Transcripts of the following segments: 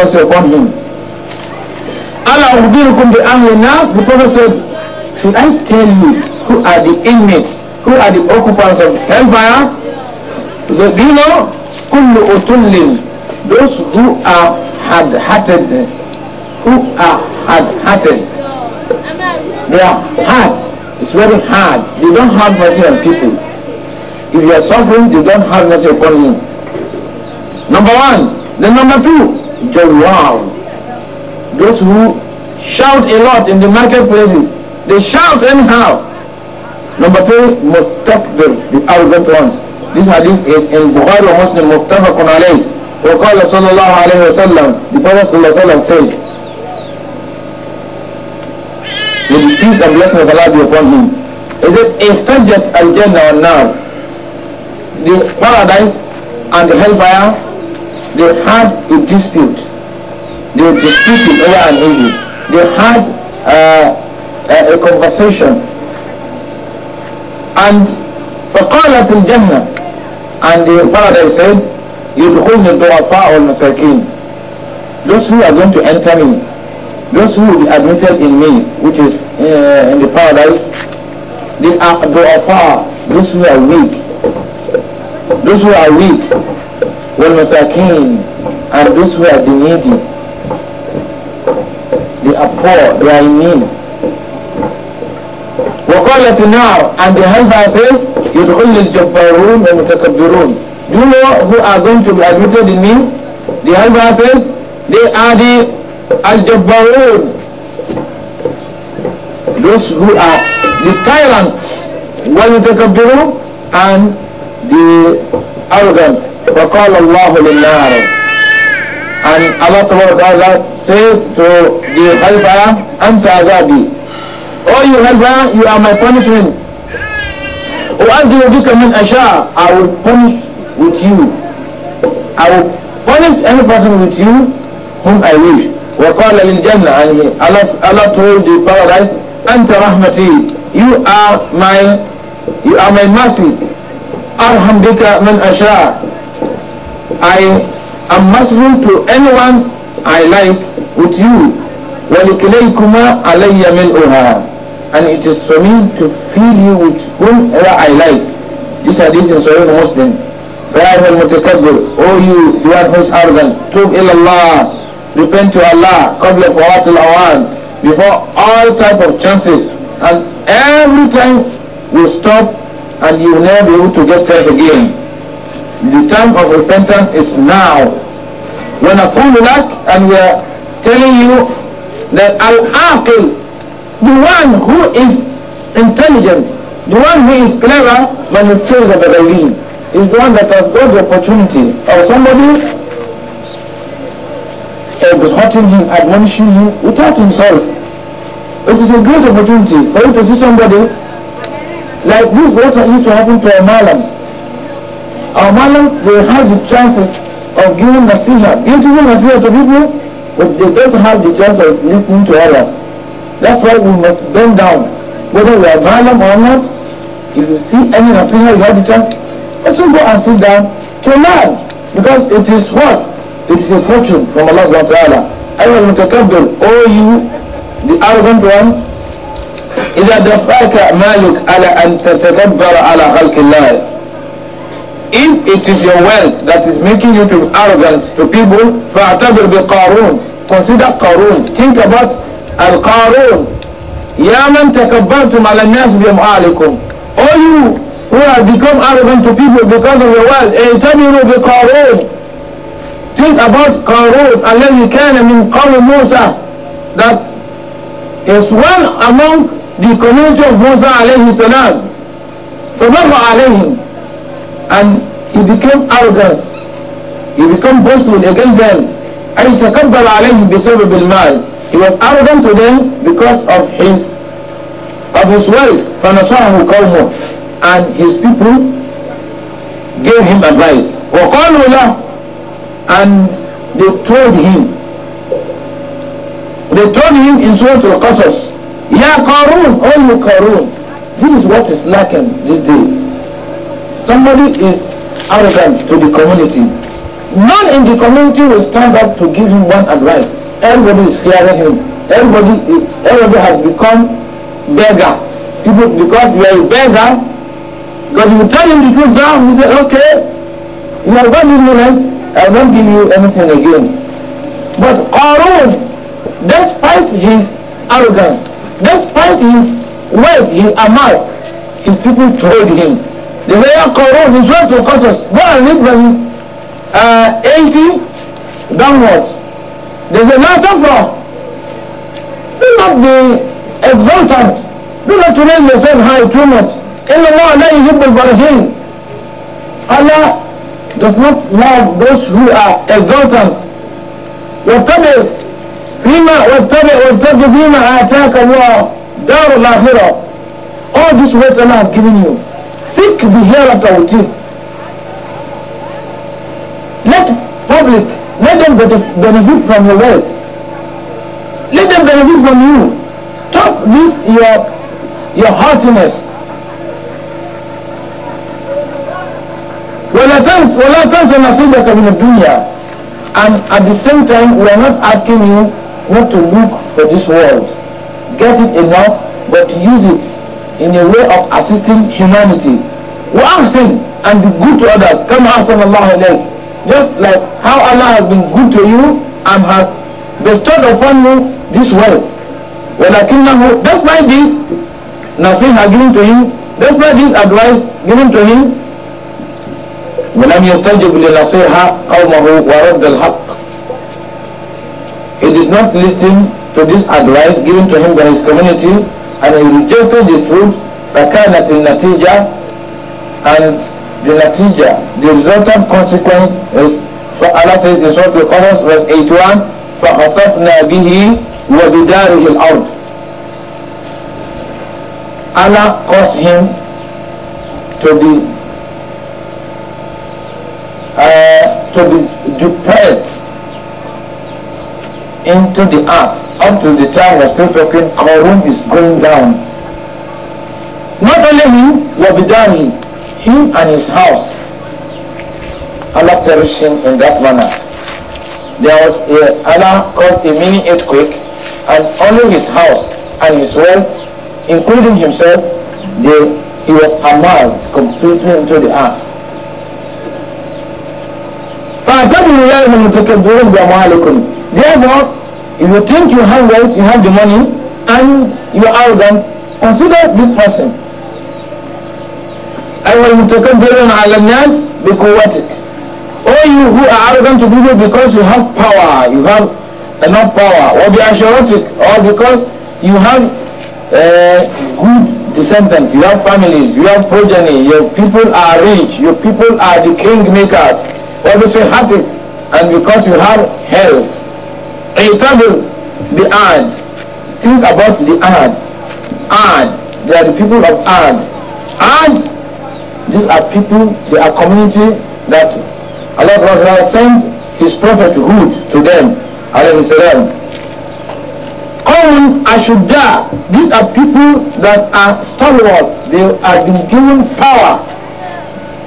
was upon him. Allah ubirukum bi ahlina, the Prophet said, should I tell you who are the inmates, who are the occupants of hellfire? So, do you know? Kullu utullin, those who are hard-heartedness, who are hard-hearted. They are hard. It's very hard. They don't have mercy on people. If you are suffering, they don't have mercy upon you. Number one. Then number two, Jawal. Those who shout a lot in the marketplaces, they shout anyhow. Number three, must Mustakbir, the arrogant ones. This hadith is in Bukhari or Muslim, Muttafaqun alayh. وقال صلى الله عليه وسلم the Prophet صلى الله عليه وسلم said with the peace and blessing of Allah be upon him he said "If احتجت الجنة والنار the paradise and the hellfire they had a dispute they were disputing over an issue. They had uh, a, a conversation. And فقالت الجنة and the paradise said يدخلن الضعفاء والمساكين those who are going to enter me those who will be admitted in me which is uh, in the paradise they are ضعفاء those who are weak those who are weak والمساكين and those who are the needy They are poor. They are in need. وقالت النار and the hellfire says يدخل الجبارون والمتكبرون Do you know who are going to be admitted in me? The hellfire says they are the الجبارون Those who are the tyrants والمتكبرون and the arrogant فقال الله للنار and Allah Ta'ala said to the hellfire, Anta azabi. Oh, you hellfire, you are my punishment. وَأَنْزِلُ بِكَ مِنْ أَشَاءَ I will punish with you. I will punish any person with you whom I wish. وَقَالَ لِلْجَنَّةِ And Allah, Allah told the paradise, أَنْتَ Rahmati, You are my, you are my mercy. أَرْحَمْ بِكَ مَنْ أَشَاءَ I am Muslim to anyone I like with you وَلِكِلَيْكُمَا عَلَيَّ مِلْءُهَا And it is for me to fill you with whomever I like. This hadith in Sahih Muslim. فَيَا الْمُتَكَبِّرُ O you, you are most arrogant. تُوب إِلَى اللَّهِ Repent to Allah قبل فوات الأوان Before all type of chances and every time you stop and you never be able to get there again. The time of repentance is now. When أقول لك and we are telling you that al-aqil, the one who is intelligent, the one who is clever, when you of the غيرين, is the one that has got the opportunity of somebody exhorting him, admonishing him without himself. It is a great opportunity for you to see somebody like this, what used to happen to our Malams. Our Malam, they have the chances of giving Nasiha, beautiful Nasiha to people, but they don't have the chance of listening to others. That's why we must bend down, whether we are violent or not. If you see any Nasiha, you have the chance, Let's go and sit down to learn, because it is what? It is a fortune from Allah subhanahu wa ta'ala. I will mutakabbir, all you, the arrogant one, إذا دفعك مالك على أن تتكبر على خلق الله if it is your wealth that is making you to arrogant to people فاعتبر بقارون consider قارون think about al القارون يا من تكبرتم على الناس بأموالكم All you who have become arrogant to people because of your wealth اعتبروا بقارون think about قارون الذي kana min قوم موسى that is one among the community of Musa alayhi salam. فبغى alayhim. and he became arrogant he became boastful against them and he تكبر عليهم بسبب المال he was arrogant to them because of his of his wealth called قومه and his people gave him advice وقالوا له and they told him they told him in Surah Al-Qasas يا قارون oh you this is what is lacking this day." Somebody is arrogant to the community. None in the community will stand up to give him one advice. Everybody is fearing him. Everybody, everybody has become beggar. People, because you are a beggar, because if you tell him the truth now, he say, okay, you have got this moment, I won't give you anything again. But Qarun, despite his arrogance, despite his wealth he amassed, his people told him, ìfẹ́ yà kọ̀ọ̀rọ̀ ní sọ́ọ̀ tó kọ́sọ̀s bọ́ọ̀lù ní verses uh, eighty downwards there is a matter for do not be exultant do not raise yourself high too much in the law that is equal for him Allah does not love those who are exultant واتبع فيما واتبع واتبع فيما آتاك الله دار الآخرة all this weight Allah has given you Seek the hereafter with it. Let public, let them benefit from your wealth. Let them benefit from you. Stop this your your haughtiness. ولا تنس ولا تنس نصيبك من الدنيا and at the same time we are not asking you not to look for this world get it enough but use it in a way of assisting humanity. him and be good to others. كما أحسن Allah إليك. Just like how Allah has been good to you and has bestowed upon you this wealth. just despite this نصيحة given to him, despite this advice given to him, ولم يستجب لنصيحة قومه ورد الحق. He did not listen to this advice given to him by his community and he rejected the truth فكانت natija, and the natija the resultant consequence is for Allah says in Surah Al-Qasas verse Nabihi wa bidari وَبِدَارِهِ الْأَرْضِ Allah caused him to be uh, to be depressed into the earth up to the time we're still talking Qarun is going down. Not only him, Wabidahi, him and his house, Allah perishing in that manner. There was a, Allah called a mini earthquake and only his house and his wealth, including himself, they, he was amassed completely into the earth. Therefore, if you think you have wealth, you have the money, and you are arrogant, consider this person. I will متكبر على be بقوتك. All you who are arrogant to people because you have power, you have enough power, or بأشيرتك, or because you have uh, good descendants, you have families, you have progeny, your people are rich, your people are the king makers, or happy, and because you have health. You Itabu, the Ad. Think about the Ad. Ad. They are the people of Ad. Ad, these are people, they are community that Allah sent his prophet Hud to them. Alayhi salam. Qawm Ashudda, these are people that are stalwarts. They have been given power.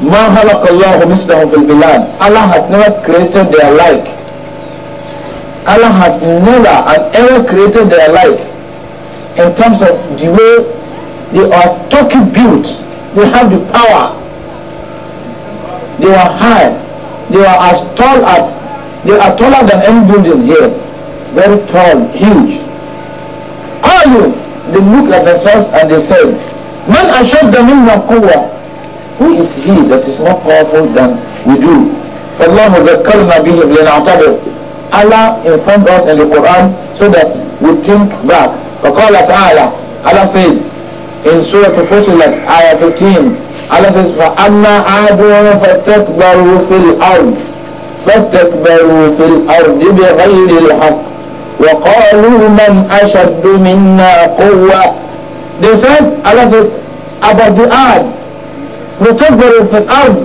ما خلق الله مثلهم في البلاد Allah has never created their like Allah has never and ever created their life in terms of the way they are stocky built. They have the power. They are high. They are as tall as they are taller than any building here. Very tall, huge. All you, they look at themselves and they say, Man ashad minna quwwa. Who is he that is more powerful than we do? For Allah فالله ذكرنا بهم لنعتبر Allah informed us in the Quran so that we think back. فقال تعالى Allah said in Surah Fusilat Ayah 15 Allah says فأما عاد فاستكبروا في الأرض فاستكبروا في الأرض بغير الحق وقالوا من أشد منا قوة They said Allah said about the earth فاستكبروا fil ard,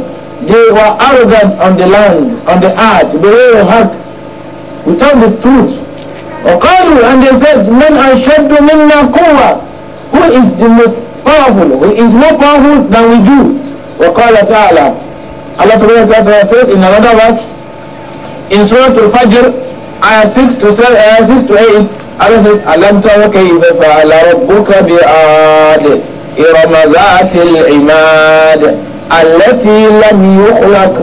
They were arrogant on the land, on the earth, بغير الحق without the truth وقالوا and they said من أشد منا قوة who is the most powerful who is more powerful than we do وقال تعالى Allah تبارك وتعالى said in another verse in Surah Al-Fajr ayah 6 to 7 ayah 6 to 8 Allah says ألم تر كيف فعل ربك بعاد إرم ذات العماد التي لم يخلق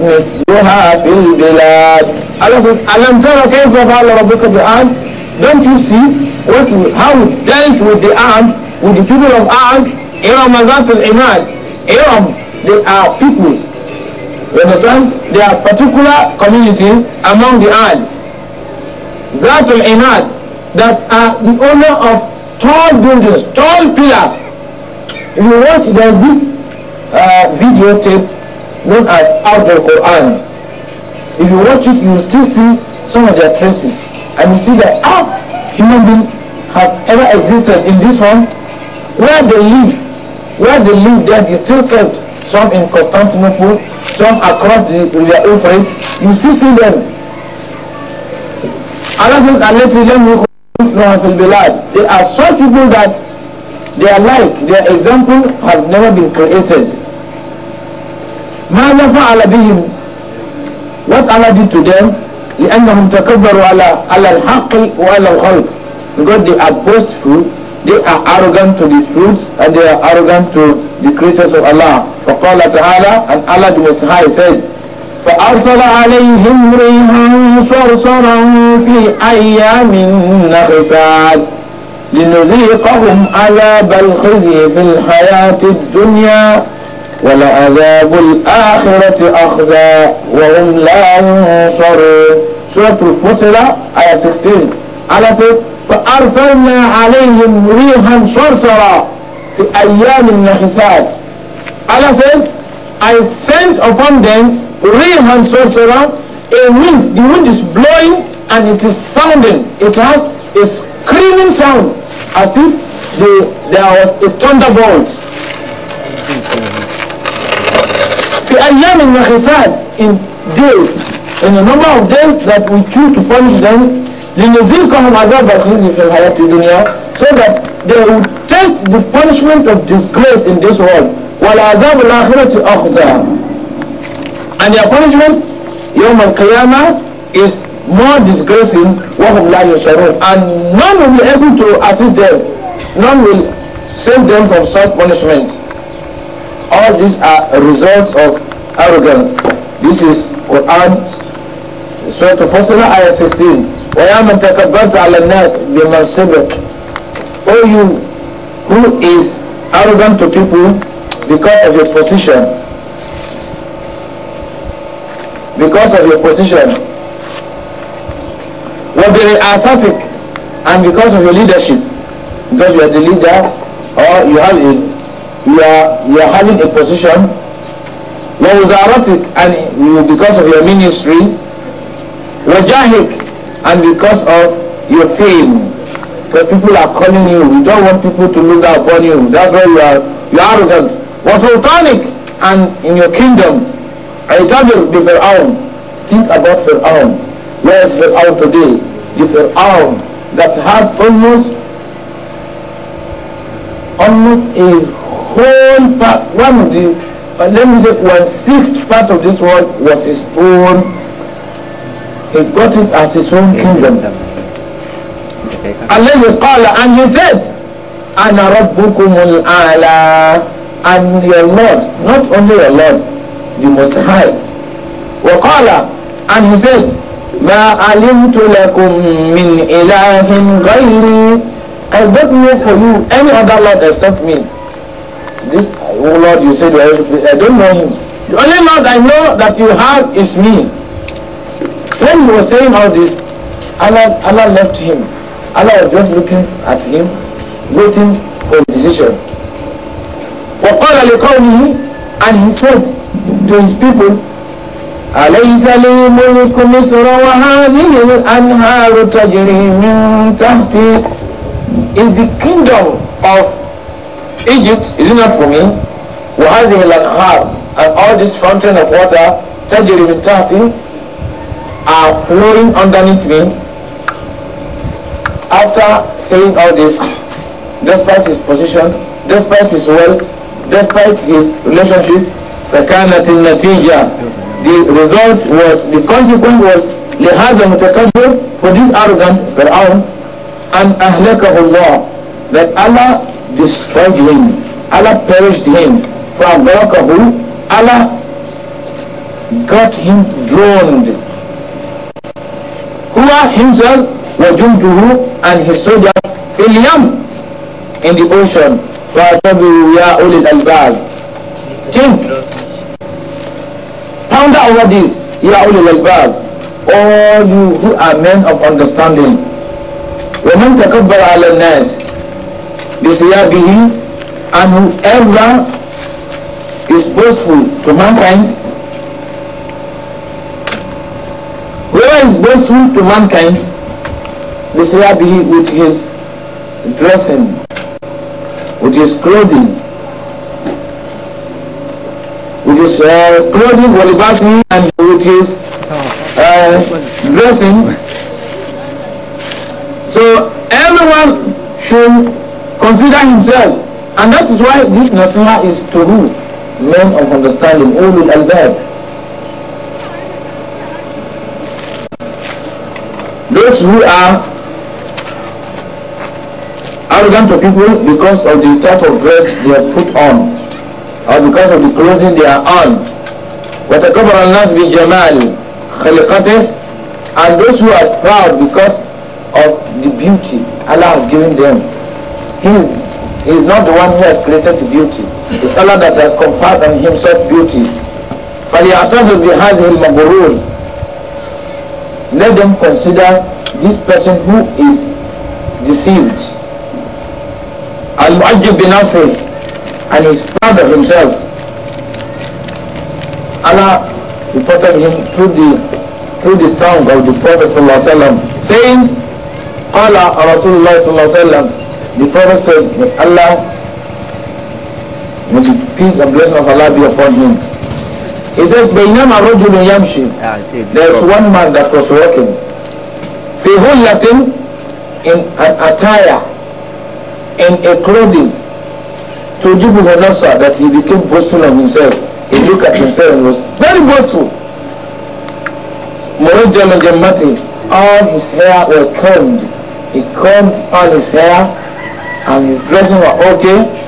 مثلها في البلاد ألم ترى كيف فعل ربك بعاد Don't you see what we, how we dealt with the Ad, with the people of Ad, Aram Azat al-Imad, they are people, you understand? They are particular community among the Ad, Zat al that are the owner of tall buildings, tall pillars. If you watch, there is this uh, video tape known as Outdoor Quran. If you watch it, you still see some of their traces. And you see that how ah, human beings have ever existed in this one, where they live, where they live there is still kept, some in Constantinople, some across the River Euphrates, you still see them. Allah said, التي لم يخلص في They are such people that their like, their example have never been created. ماذا فعل بهم what Allah did to them لأنهم تكبروا على على الحق وعلى الخلق because they are boastful they are arrogant to the truth and they are arrogant to the creatures of Allah فقال تعالى and Allah the Most High said فأرسل عليهم ريحا صرصرا في أيام نخسات لنذيقهم عذاب الخزي في الحياة الدنيا ولعذاب الآخرة أخزى وهم لا ينصرون سورة الفصلة آية 16 على سيد فأرسلنا عليهم ريحا صرصرا في أيام نحسات على سيد I sent upon them rain and sorcerer, a wind. The wind is blowing and it is sounding. It has a screaming sound as if the, there was a thunderbolt. كأيام وحسات in days in the number of days that we choose to punish them لنذيقهم عذاب الخزي في الحياة الدنيا so that they would taste the punishment of disgrace in this world والعذاب الآخرة أخزى and their punishment يوم القيامة is more disgracing وهم لا يشعرون and none will be able to assist them none will save them from such punishment all these are a result of arrogance. This is Quran, Surah Al-Fasila, Ayah 16. وَيَا مَنْ تَكَبَّرْتَ عَلَى النَّاسِ بِمَنْصِبِكَ O you who is arrogant to people because of your position. Because of your position. well, they are وَبِرِئَاسَتِكَ And because of your leadership. Because you are the leader or you have a, you are, you are having a position ووزارتك and because of your ministry وجاهك and because of your fame because people are calling you you don't want people to look down upon you that's why you are you are arrogant وسلطانك and in your kingdom I tell you, اعتبر بفرعون think about فرعون where is فرعون today the فرعون that has almost almost a whole part one of the But let me say one sixth part of this world was his own. He got it as his own kingdom. الذي قال and he said أنا ربكم الأعلى and your Lord not only your Lord the Most High وقال and he said ما علمت لكم من إله غيري I don't know for you any other Lord except me this oh Lord, you said, I don't know him. The only Lord I know that you have is me. When he was saying all this, Allah, Allah left him. Allah was just looking at him, waiting for a decision. وقال لقومه and he said to his people أليس لي ملك مصر وهذه الأنهار تجري من the kingdom of Egypt, is it not for me? وهذه الأنهار and all this fountain of water تجري من تحتي are flowing underneath me after saying all this despite his position despite his wealth despite his relationship فكانت النتيجة the result was the consequence was لهذا المتكبر for this arrogant فرعون أن أهلكه الله that Allah destroyed him Allah perished him From فأدركه Allah got him drowned Huwa himself وجنده and his soldier في اليم in the ocean واعتبروا يا أولي الألباب think ponder over this يا أولي الألباب all you who are men of understanding ومن تكبر على الناس بثيابه and whoever is boastful to mankind, whoever is boastful to mankind, here be he with his dressing, with his clothing, with his uh, clothing, walibasi, and with his uh, dressing. So everyone should consider himself, and that is why this Nasima is to who? men of understanding ulul albab those who are arrogant to people because of the type of dress they have put on or because of the clothing they are on وتكبر الناس بجمال خلقته and those who are proud because of the beauty Allah has given them he is not the one who has created the beauty is Allah that has conferred on himself beauty. فَلْيَعْتَبِرْ بِهَذِهِ الْمَغْرُورِ Let them consider this person who is deceived. Al-Mu'ajjib bin Nasir and is proud of himself. Allah reported him through the through the tongue of the Prophet صلى الله عليه وسلم, saying, قال رسول الله صلى الله عليه وسلم the Prophet said, may Allah May the peace and blessing of Allah be upon him. He said, بينما رجل يمشي There is one man that was walking. في Latin in an attire, in a clothing. تجيبه نفسه that he became boastful of himself. He looked at himself and was very boastful. مرجل جمته All his hair were combed. He combed all his hair and his dressing was okay.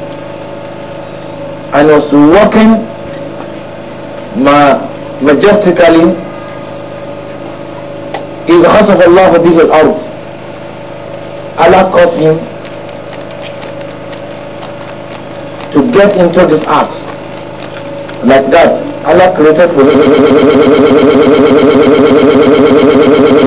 and was walking ma majestically is the house of Allah bihi al-ard Allah caused him to get into this art like that Allah created for him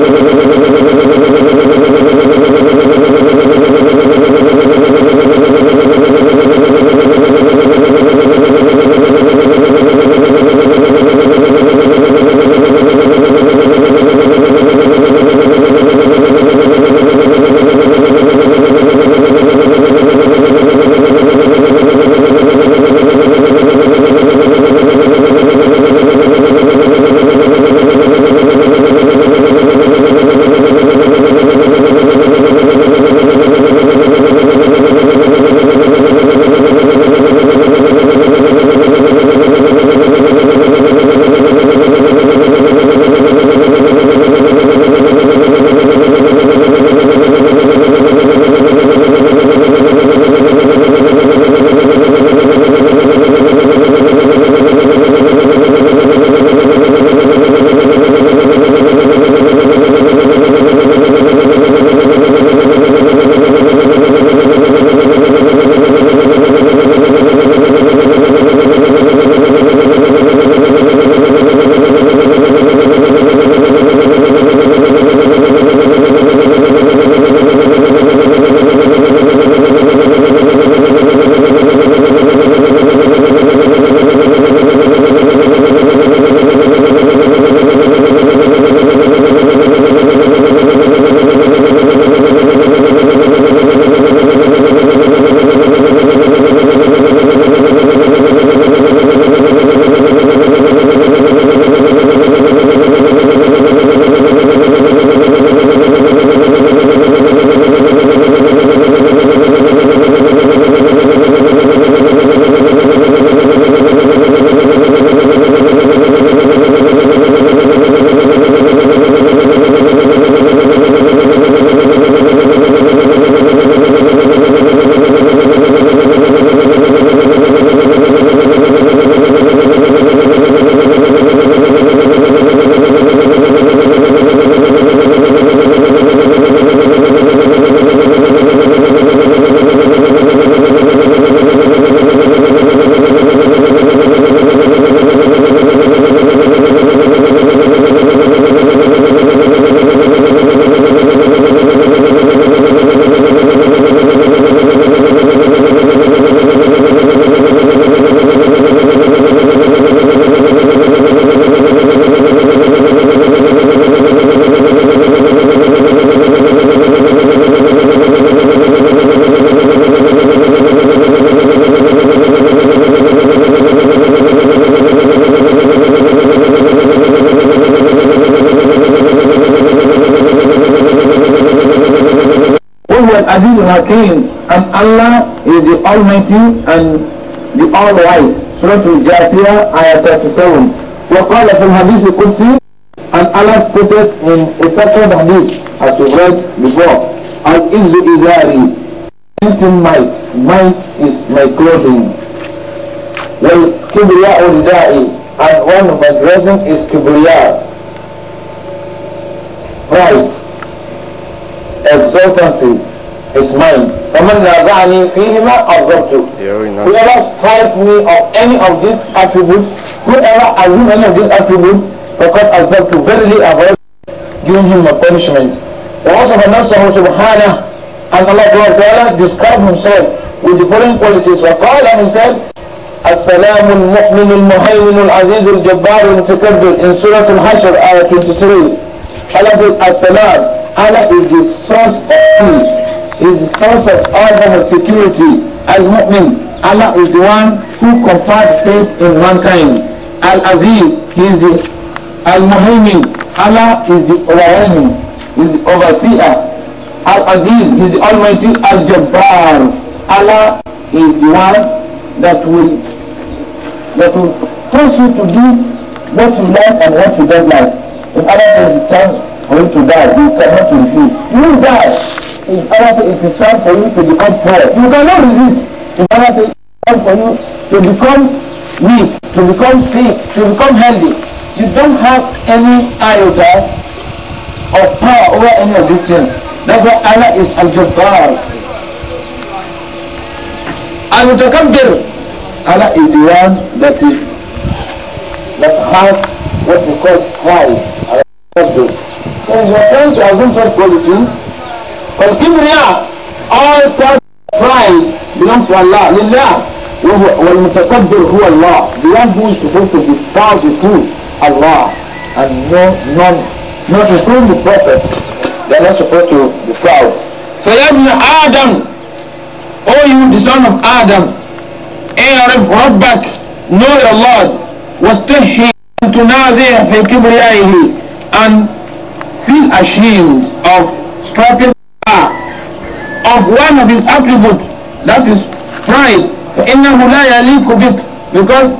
Hakim and Allah is the Almighty and the All-Wise Surah Al-Jasiyah Ayah 37 وقال في الحديث القدسي and Allah stated in a second hadith as we read before al the Izari Mountain might, might is my clothing وَالْكِبْرِيَاءُ رِدَائِ and one of my dressing is kibriya pride exultancy is mine. وَمَنْ نَازَعَنِي فِيهِمَا أَظَّبْتُ Whoever stripes me of any of these attributes, whoever assumes any of these attributes, فَقَدْ أَظَّبْتُ Verily avoid giving him a punishment. وَوَصَفَ نَفْسَهُ سُبْحَانَهُ And Allah Ta'ala described himself with the following qualities. وَقَالَ and he said, السلام المؤمن المهيمن العزيز الجبار المتكبر in Surah Al-Hashr ayah 23 Allah said السلام Allah is the source of peace is the source of all of our security. Al-Mu'min, Allah is the one who conferred faith in mankind. Al-Aziz, he is the Al-Muhaymin, Allah is the overwhelming, is the overseer. Al-Aziz is the Almighty Al-Jabbar. Allah is the one that will that will force you to do what you like and what you don't like. If Allah says it's time for you to die, you cannot refuse. You die if Allah say it is time for you to become poor you cannot resist if Allah say it is time for you to become weak to become sick to become healthy you don't have any iota of power over any of these things that's why Allah is al-jabbar al-mutakabbir Allah is the one that is that has what we call pride so if you are trying to assume such quality But all types of pride belongs to Allah. Lillah. والمتكبر هو الله. The one who is supposed to be proud is Allah. And no, none, not including the Prophet. They are not supposed to be proud. فيبن Adam. O you the son of Adam اعرف ربك know your Lord واستحي أن تنازع في كبريائه and feel ashamed of strapping of one of his attributes, that is pride, for فَإِنَّهُ لَا يَلِيكُ بِكَ because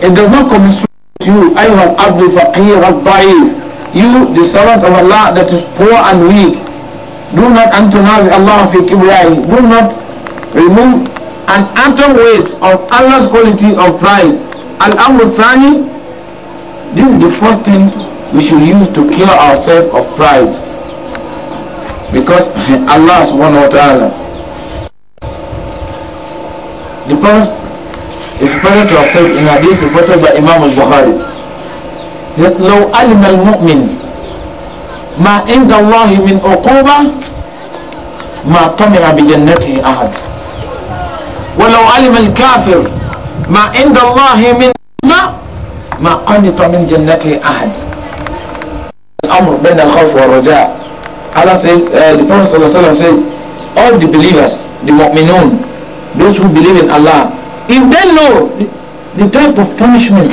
it does not come to you, أَيُّهَا الْعَبْدُ فَقِيرَ الضَّعِيفُ You, the servant of Allah that is poor and weak, do not antonize Allah fi kibriyai, do not remove an atom weight of Allah's quality of pride. Al-Amru Thani, this is the first thing we should use to cure ourselves of pride. because Allah subhanahu wa ta'ala the prophet is reported to have said in hadith reported by Imam al-Bukhari that لو علم المؤمن ما عند الله من عقوبة ما طمع بجنته أحد ولو علم الكافر ما عند الله من ما ما قنط من جنته أحد الأمر بين الخوف والرجاء Allah says, uh, the Prophet ﷺ said, all the believers, the mu'minun, those who believe in Allah, if they know the, the type of punishment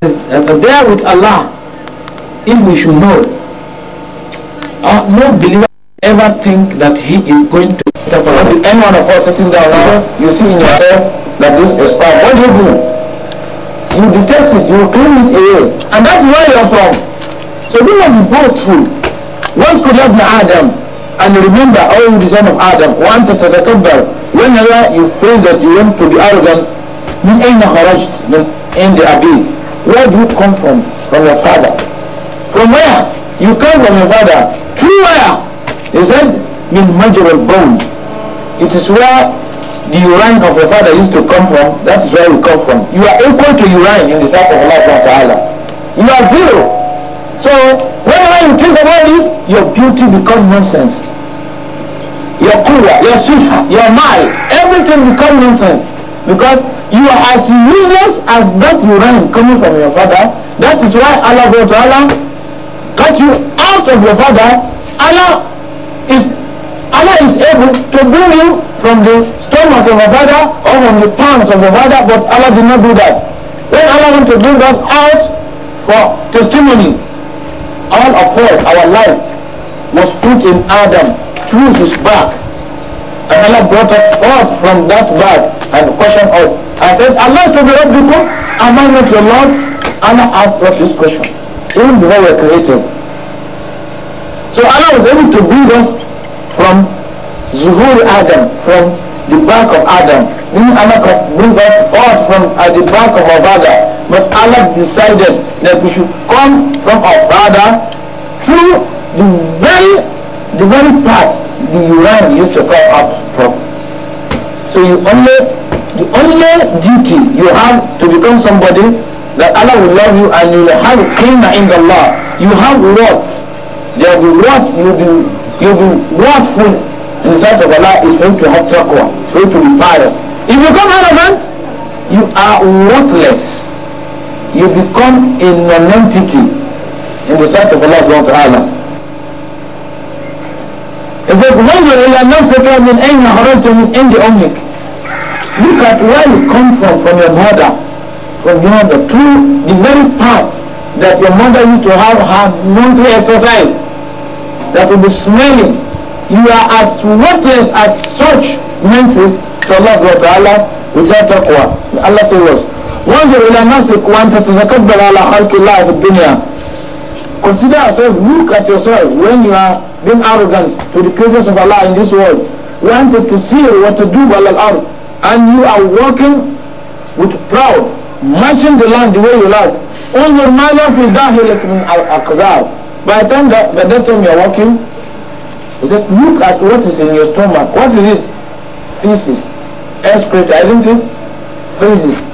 that are there with Allah, if we should know, uh, no believer ever think that he is going to any one of us sitting down now, you see in yourself that this is power. What do you do? You detest it, you clean it away. And that's where you're from. So do not be boastful. could have been Adam? and remember all the son of Adam wanted to تتكبر whenever you feel that you want to be arrogant من أين خرجت من عند أبيك where do you come from from your father from where you come from your father to where he said mean مجرى البول it is where the urine of your father used to come from that is where you come from you are equal to urine in the sight of Allah you are zero so whenever you think about this, your beauty become nonsense. Your kuwa, your sweetheart, your mal, everything become nonsense. Because you are as useless as that urine coming from your father. That is why Allah wrote Allah cut you out of your father. Allah is Allah is able to bring you from the stomach of your father or from the pants of your father, but Allah did not do that. When Allah wants to bring that out for testimony, all of us, our life was put in Adam through his back. And Allah brought us forth from that back and questioned us and said, Allah to be Rabbikum, am I not your Lord? Allah asked us this question, even before we were created. So Allah was able to bring us from Zuhur Adam, from the back of Adam. Meaning Allah could bring us forth from uh, the back of our father. But Allah decided that we should come from our father through the very the very part the urine used to come out from. So you only the only duty you have to become somebody that Allah will love you and you will have qimah in the law. You have worth. There will be worth, you will be, you will be worthful in the sight of Allah is going to have taqwa, for going to be pious. If you come arrogant, you are worthless. you become a non-entity in the sight of Allah subhanahu wa ta'ala. It's like, وَنْظُرْ إِلَىٰ نَفْسِكَ مِنْ أَيْنَ هَرَمْتَ مِنْ أَيْنِ أُمِّكَ Look at where you come from, from your mother, from your mother, to the very part that your mother used to have her monthly exercise, that will be smelling. You are as worthless as such menses to Allah subhanahu wa ta'ala without taqwa. Allah says what? وانظر إلى نفسك وأنت تتكبر على خلق الله في الدنيا Consider yourself, look at yourself when you are being arrogant to the creatures of Allah in this world. Wanted to see what to do while al and you are walking with proud, marching the land the way you like. انظر ماذا في داخلك من أقدار. By the time that, by that time you are walking, he said, look at what is in your stomach. What is it? Feces. Excreta, isn't it? Feces.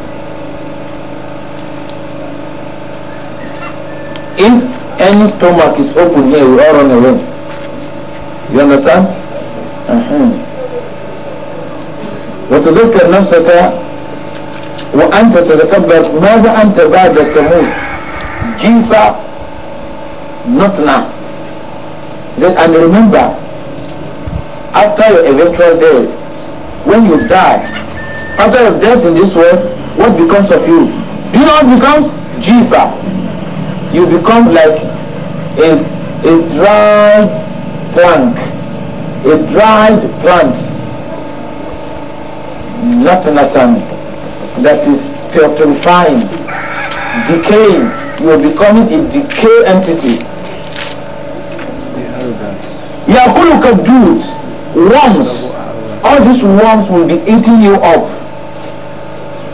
If any stomach is open here, you all run away. You understand? Uh-huh. وتذكر نفسك وأنت تتكبر ماذا أنت بعد تموت جيفا not now then and remember after your eventual death when you die after your death in this world what becomes of you do you know what becomes jifa you become like a, a dried plank, a dried plant, not nothing. that is purifying, decaying. You are becoming a decay entity. Yakuluka dudes, worms, all these worms will be eating you up.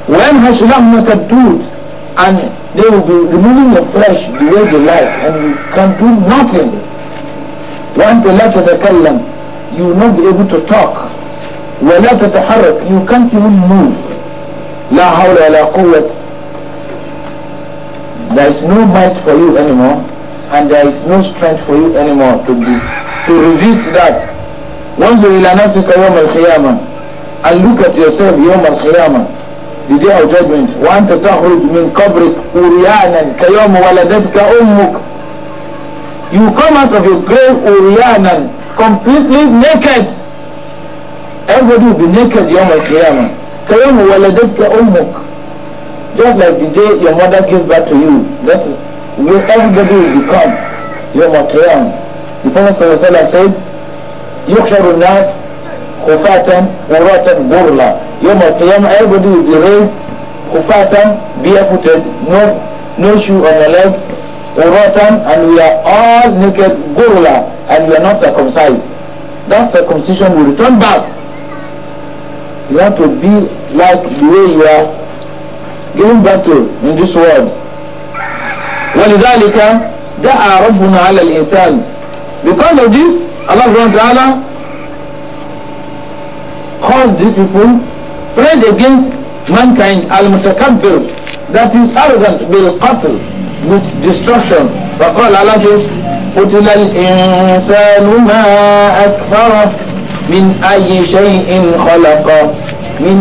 When Hashilam Nakadud, and they will be removing your flesh the way they like and you can do nothing وأنت tell them, you will not be able to talk ولا تتحرك you can't even move there is no might for you anymore and there is no strength for you anymore to, to resist that once you إلى نفسك al القيامة and look at yourself al القيامة the day of judgment وأنت تخرج من قبرك أريانا كيوم ولدتك أمك you come out of your grave أريانا completely naked everybody will be naked يوم القيامة كيوم ولدتك أمك just like the day your mother gave birth to you that is where everybody will become يوم القيامة the Prophet صلى الله عليه said يحشر nas, خفاة وراة burla." yom al-qiyam everybody will be raised kufatan barefooted no no shoe on your leg uratan and we are all naked gorilla and we are not circumcised that circumcision will return back you want to be like the way you are given back to in this world ولذلك دعا ربنا على الإنسان because of this Allah subhanahu wa ta'ala caused these people prayed against mankind al-mutakabbir that is arrogant bil qatl with destruction فقال Allah says قتل الإنسان ما أكفره من أي شيء خلقه من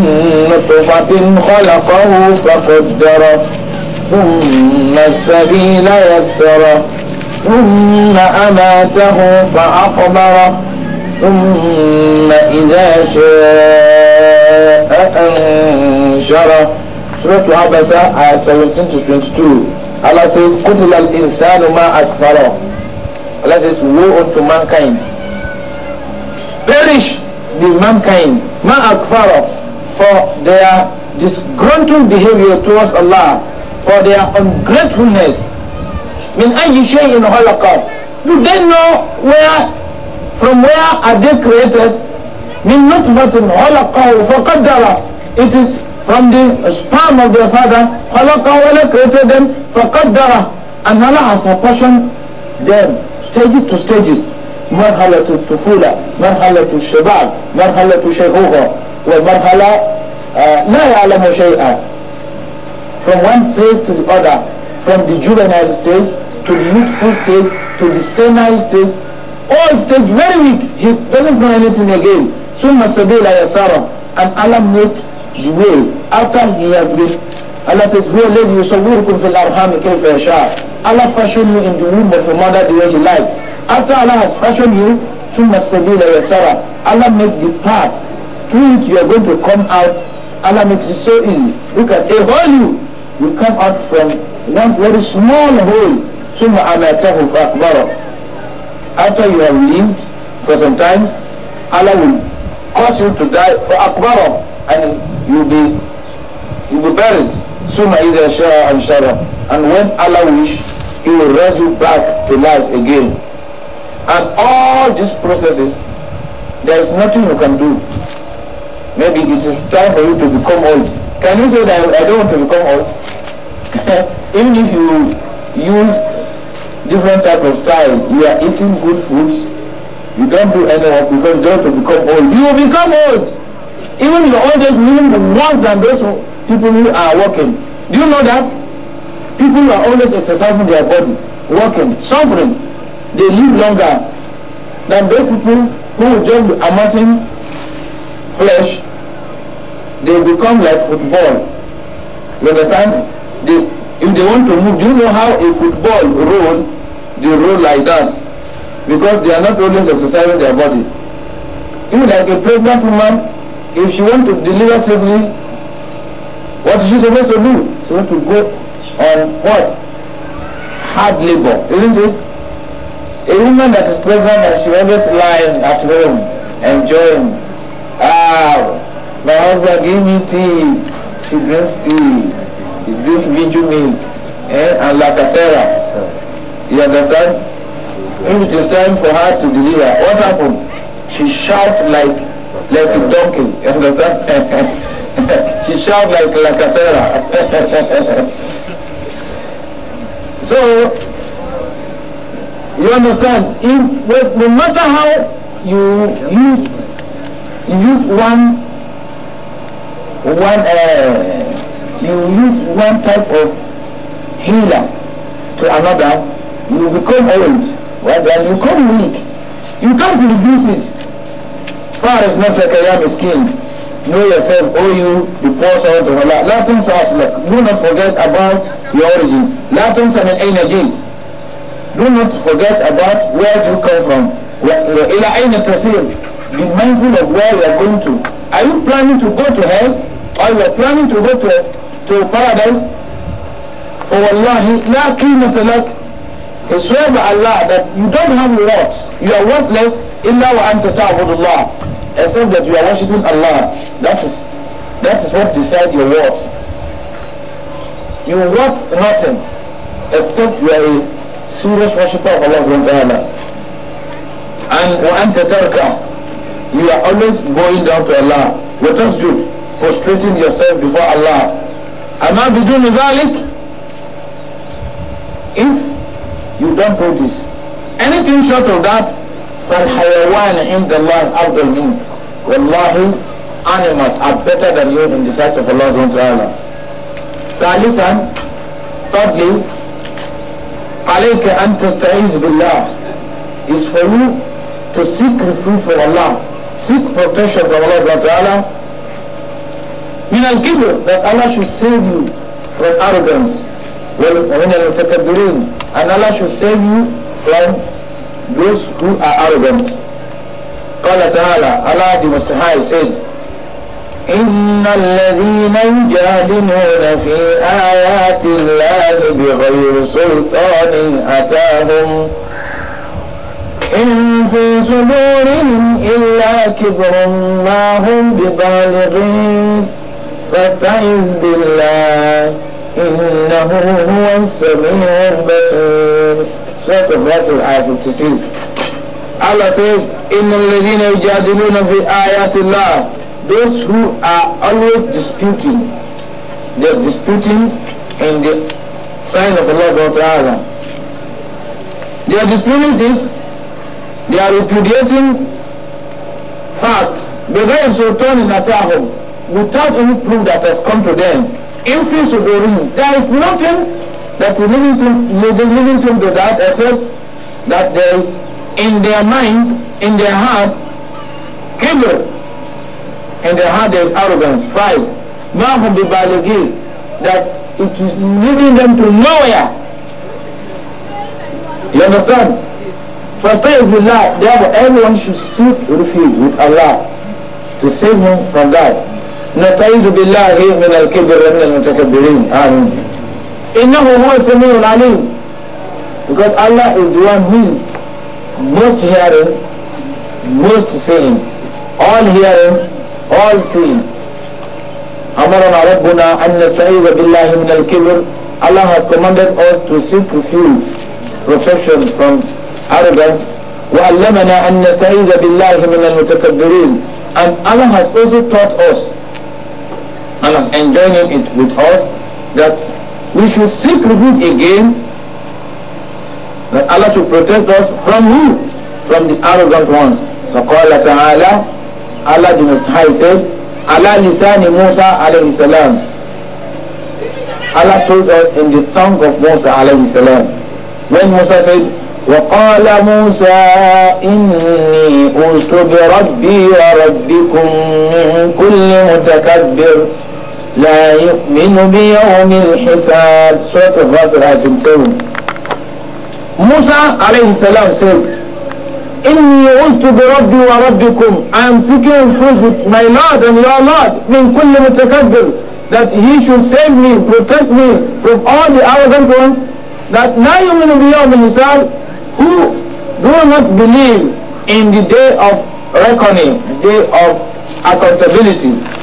نطفة خلقه فقدره ثم السبيل يسره ثم أماته فأقبره ثم إذا شاء أنشره سورة عبسة 17-22 Allah says قتل الإنسان ما أكفره Allah says woe unto mankind perish the mankind ما أكفره for their disgruntled behavior towards Allah for their ungratefulness من أي شيء خلقه do they know where From where are they created? من نطفة خلقه فقدر It is from the sperm of their father خلقه Allah created them فقدر And Allah has apportioned them stages to stages مرحلة الطفولة مرحلة الشباب مرحلة شيخوخة ومرحلة لا يعلم شيئا from one phase to the other from the juvenile stage to the youthful stage to the senile stage All stage, very weak. He doesn't know anything again. ثم السبيل يسارا and Allah make the way after he has been Allah says who live يصوركم في الأرحام كيف يشاء Allah fashioned you in the womb of your mother the way he like. after Allah has fashioned you ثم السبيل يسارا Allah make the path through which you are going to come out Allah makes it so easy look at a hole you you come out from one very small hole ثم أماته فأكبره after you have lived for some time, Allah will cause you to die for akbara and you'll be you'll be buried. Summa idha shara and shara. And when Allah wish, He will raise you back to life again. And all these processes, there is nothing you can do. Maybe it is time for you to become old. Can you say that I don't want to become old? Even if you use different type of time. You are eating good foods. You don't do any work because you don't to become old. You will become old. Even your old age will be worse than those people who are working. Do you know that? People who are always exercising their body, working, suffering, they live longer than those people who just be amassing flesh. They become like football. By the time if they want to move, do you know how a football roll they roll like that because they are not always exercising their body. Even like a pregnant woman, if she want to deliver safely, what is she supposed to do? She want to go on what? Hard labor, isn't it? A woman that is pregnant and she always lying at home, enjoying. Ah, my husband give me tea. She drinks tea. She drinks Viju milk eh, and lacasera. Like You understand? When it is time for her to deliver, what happened? She shout like like a donkey. You understand? she shout like like a Sarah. so you understand? If well, no matter how you you you one one uh, you use one type of healer to another you will become old. Right? you become weak. You can't refuse it. Far as am is king, know yourself, All you, the poor servant of Allah. Latin says, do not forget about your origin. Latin says, an Do not forget about where you come from. Be mindful of where you are going to. Are you planning to go to hell? Or you are planning to go to, to paradise? For Allah, لا قيمة لك I swear by Allah that you don't have what? You are worthless illa wa anta ta'budullah. Except that you are worshiping Allah. That is that is what decides your worth. You worth nothing except you are a serious worshipper of Allah subhanahu wa ta'ala. And wa anta tarka. You are always going down to Allah. What does do? Prostrating yourself before Allah. Am I بدون that? If you don't produce Anything short of that, فَالْحَيَوَانِ عند الله أَفْضَلْ مِنْهُ وَاللَّهِ animals are better than you in the sight of Allah subhanahu wa ta'ala. ثالثا thirdly عليك أن تستعيذ بالله is for you to seek refuge for Allah seek protection from Allah subhanahu wa ta'ala من الكبر that Allah should save you from arrogance ومن المتكبرين and Allah should save you from those who are arrogant قال تعالى Allah the Most High said إن الذين يجادلون في آيات الله بغير سلطان أتاهم إن في صدورهم إلا كبر ما هم ببالغين فاستعذ بالله إنه هو السميع البصير سورة الرافع آية 56 Allah says إن الذين يجادلون في آيات الله those who are always disputing they are disputing in the sign of Allah Ta'ala they are disputing things they are repudiating facts they بغير سلطان home without any proof that has come to them influence of the religion. There is nothing that the living tomb do that except that there is in their mind, in their heart, kibble. In their heart there is arrogance, pride. Mahum the Balagi, that it is leading them to nowhere. You understand? First time with Allah, therefore everyone should seek refuge with Allah to save him from that. نتعيذ بالله من الكبر من المتكبرين آمين إنه هو السميع العليم because Allah is the one who is most hearing most seeing all hearing all seeing أمرنا ربنا أن نتعيذ بالله من الكبر Allah has commanded us to seek refuge protection from arrogance وعلمنا أن نتعيذ بالله من المتكبرين and Allah has also taught us and as enjoining it with us that we should seek refuge again that Allah should protect us from who? From the arrogant ones. فقال تعالى Allah the Most High said على لسان موسى عليه السلام Allah told us in the tongue of Musa عليه السلام when Musa said وقال موسى إني قلت بربي وربكم من كل متكبر لا يؤمن بيوم الحساب سورة الغافر آية 7 موسى عليه السلام said إني عدت بربي وربكم I am seeking food with my Lord and your Lord من كل متكبر that he should save me, protect me from all the arrogant ones that لا يؤمن بيوم الحساب who do not believe in the day of reckoning, the day of accountability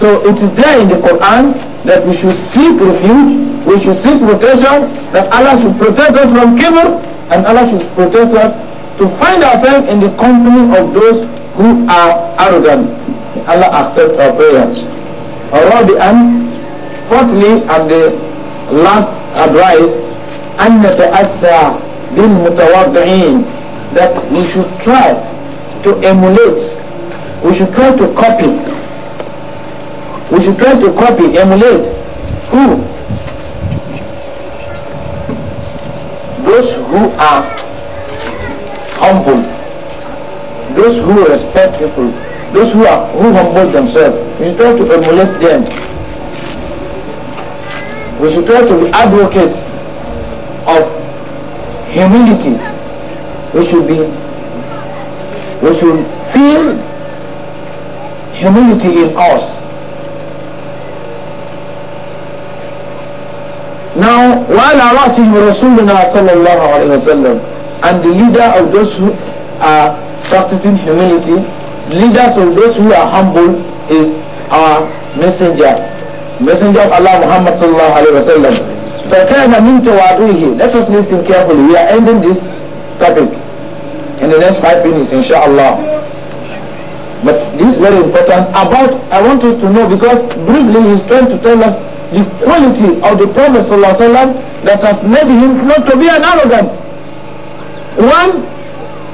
So it is there in the Quran that we should seek refuge, we should seek protection, that Allah should protect us from kibr and Allah should protect us to find ourselves in the company of those who are arrogant. Allah accept our prayers. Around the end, fourthly and the last advice أن نتأسى بالمتواضعين that we should try to emulate we should try to copy we should try to copy, emulate. Who? Those who are humble, those who respect people, those who are who humble themselves. We should try to emulate them. We should try to be advocates of humility. We should be we should feel humility in us. Now, while Rasi Rasulullah sallallahu alayhi wasallam and the leader of those who are practicing humility, leaders of those who are humble is our messenger, messenger of Allah Muhammad sallallahu alayhi wasallam. فَكَانَ مِنْ تَوَعْدُهِ Let us listen carefully. We are ending this topic in the next five minutes, inshallah. But this is very important. About, I want us to know because briefly he's trying to tell us the quality of the Prophet that has made him not to be an arrogant. One,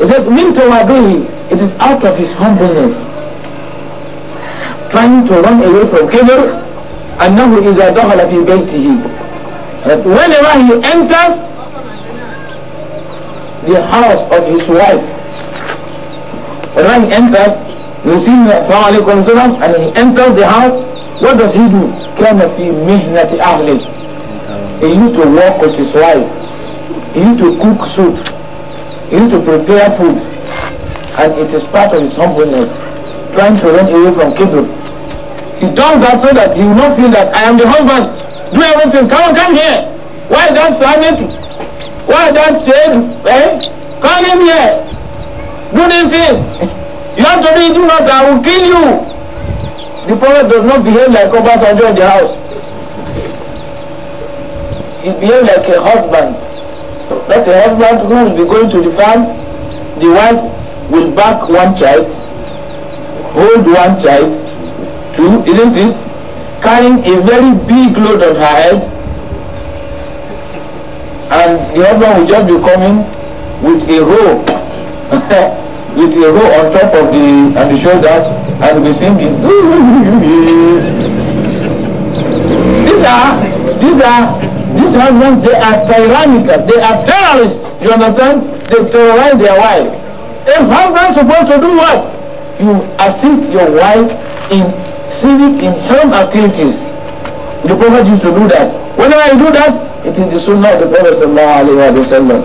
is that min it is out of his humbleness. Trying to run away from kibr, أنه إذا دخل في بيته that whenever he enters the house of his wife, whenever he enters, you see Sallallahu Alaihi Wasallam and he enters the house, What does he do? Kind of mihnati ahli. He need to work with his wife. He need to cook soup. He need to prepare food. And it is part of his humbleness, trying to run away from kibble. He does that so that he will not feel that I am the husband. Do everything. Come on, come here. Why that servant? Why that shade? Eh? Come in here. Do this thing. You have to do it, if not, I will kill you. The prophet does not behave like Obasanjo in the house. He behaves like a husband. That a husband who will be going to the farm. The wife will back one child, hold one child, two, isn't it? Carrying a very big load on her head. And the husband will just be coming with a rope. it will go on top of the and the shoulders and be singing. these are these are these husbands they are tyrannical they are terrorists you understand they terrorize their wife a husband supposed to do what you assist your wife in civic in home activities the prophet used to do that whenever you do that it is the sunnah of the prophet sallallahu alaihi wasallam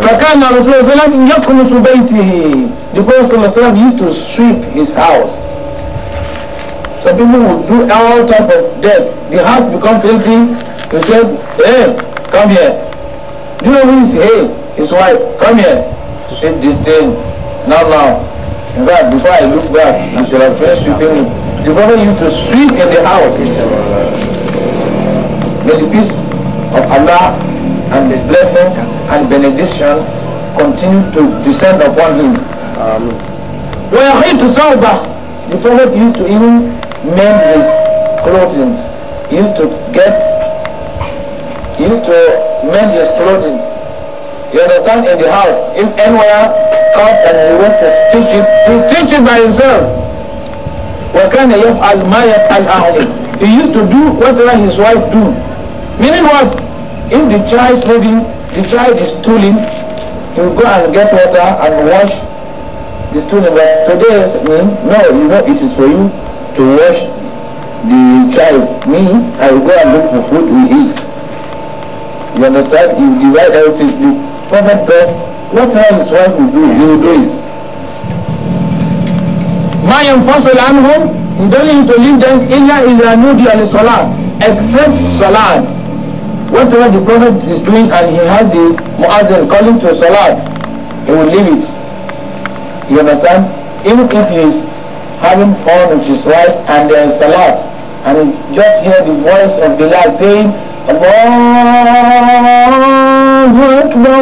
فكان الرسول صلى الله عليه وسلم يكنس بيته The Prophet صلى الله عليه وسلم used to sweep his house. So people would do all type of dirt. The house become filthy. He said, hey, come here. Do you know who is hey? His wife, come here. Sweep this thing. Now, now. In fact, before I look back, I should have first sweeping it. The Prophet used to sweep in the house. May the peace of Allah and the blessings and benediction continue to descend upon him. Amen. He told you to even mend his clothing. He used to get, he used to mend his clothing. You understand? In the house, In anywhere come and he went to stitch it, he stitch it by himself. وكان يفعل ما يفعل He used to do whatever his wife do. Meaning what? If they try pulling, the child is stooling, you go and get water and wash the stooling. But today, me, no, you know, it is for you to wash the child. Me, I will go and look for food we eat. You understand? You divide everything. The prophet does what else his wife will do, he will do it. ما ينفصل عنهم he don't need to leave them إلا إذا نودي للصلاة except صلاة whatever the Prophet is doing and he had the Muazzin calling to Salat, he will leave it. You understand? Even if he is having fun with his wife and there is Salat, and he just hear the voice of Bilal saying, Allahu Akbar,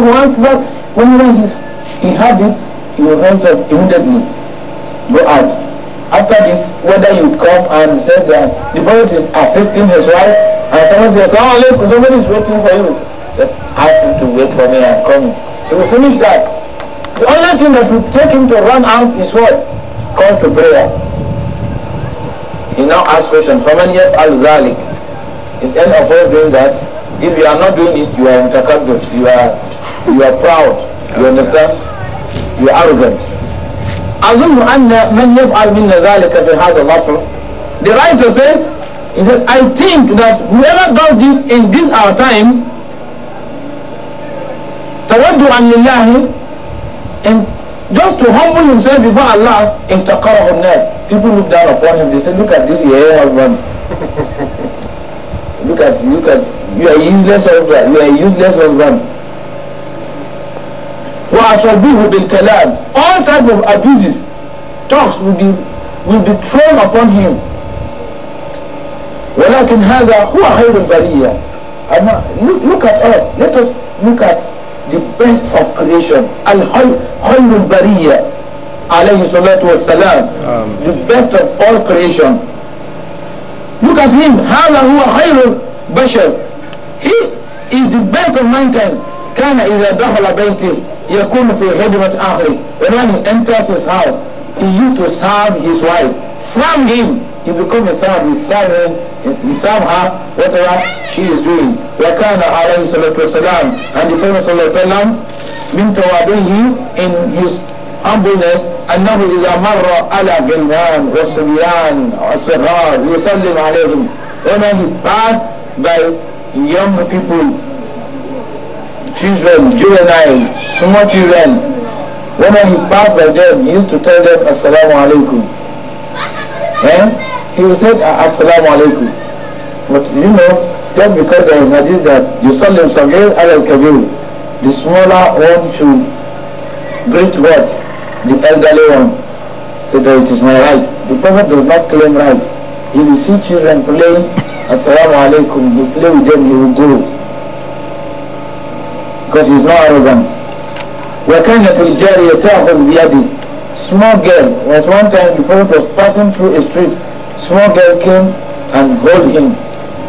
Allahu Akbar. Whenever he's, he had it, he will rise up immediately, go out after this, whether you come and say that the prophet is assisting his wife, and someone says, "Oh, alaikum, somebody is waiting for you. Said ask him to wait for me, I'm coming. He will finish that. The only thing that will take him to run out is what? Call to prayer. He now asks questions. فَمَنْ يَفْعَلْ ذَلِكَ Is any of all doing that? If you are not doing it, you are intakabdur, you are, you are proud, you understand? You are arrogant. أظن أن من يفعل منا ذلك في هذا العصر the writer says he said I think that whoever does this in this our time تودعا لله and just to humble himself before Allah is احتقره الناس people look down upon him they say look at this yeah husband look at look at you are useless husband you are useless husband وأصابوه بالكلام all type of abuses talks will be will be thrown upon him ولكن هذا هو خير البرية أما look, look at us let us look at the best of creation الخير البرية عليه الصلاة والسلام the best of all creation look at him هذا هو خير البشر he is the best of mankind كان إذا دخل بيته يكون في خدمة أهله when he enters his house he used to serve his wife serve him he become a servant he serve him he serve her whatever she is doing وكان عليه الصلاة والسلام and the Prophet صلى الله عليه وسلم من تواضعه in his humbleness أنه إذا مر على جلبان والصبيان والصغار يسلم عليهم when he passed by young people children, juveniles, small children, when he passed by them, he used to tell them, Assalamu alaikum. And eh? he said, ah, Assalamu alaikum. But you know, just because there is hadith that you saw them again, al Kabir, the smaller one should greet what? The elderly one. So that it is my right. The Prophet does not claim right. If you see children playing, Assalamu alaikum, you play with them, you will go because he's not arrogant. وَكَانَتْ الْجَارِيَ تَأْخُذْ بِيَدِي Small girl, at one time the Prophet was passing through a street, small girl came and held him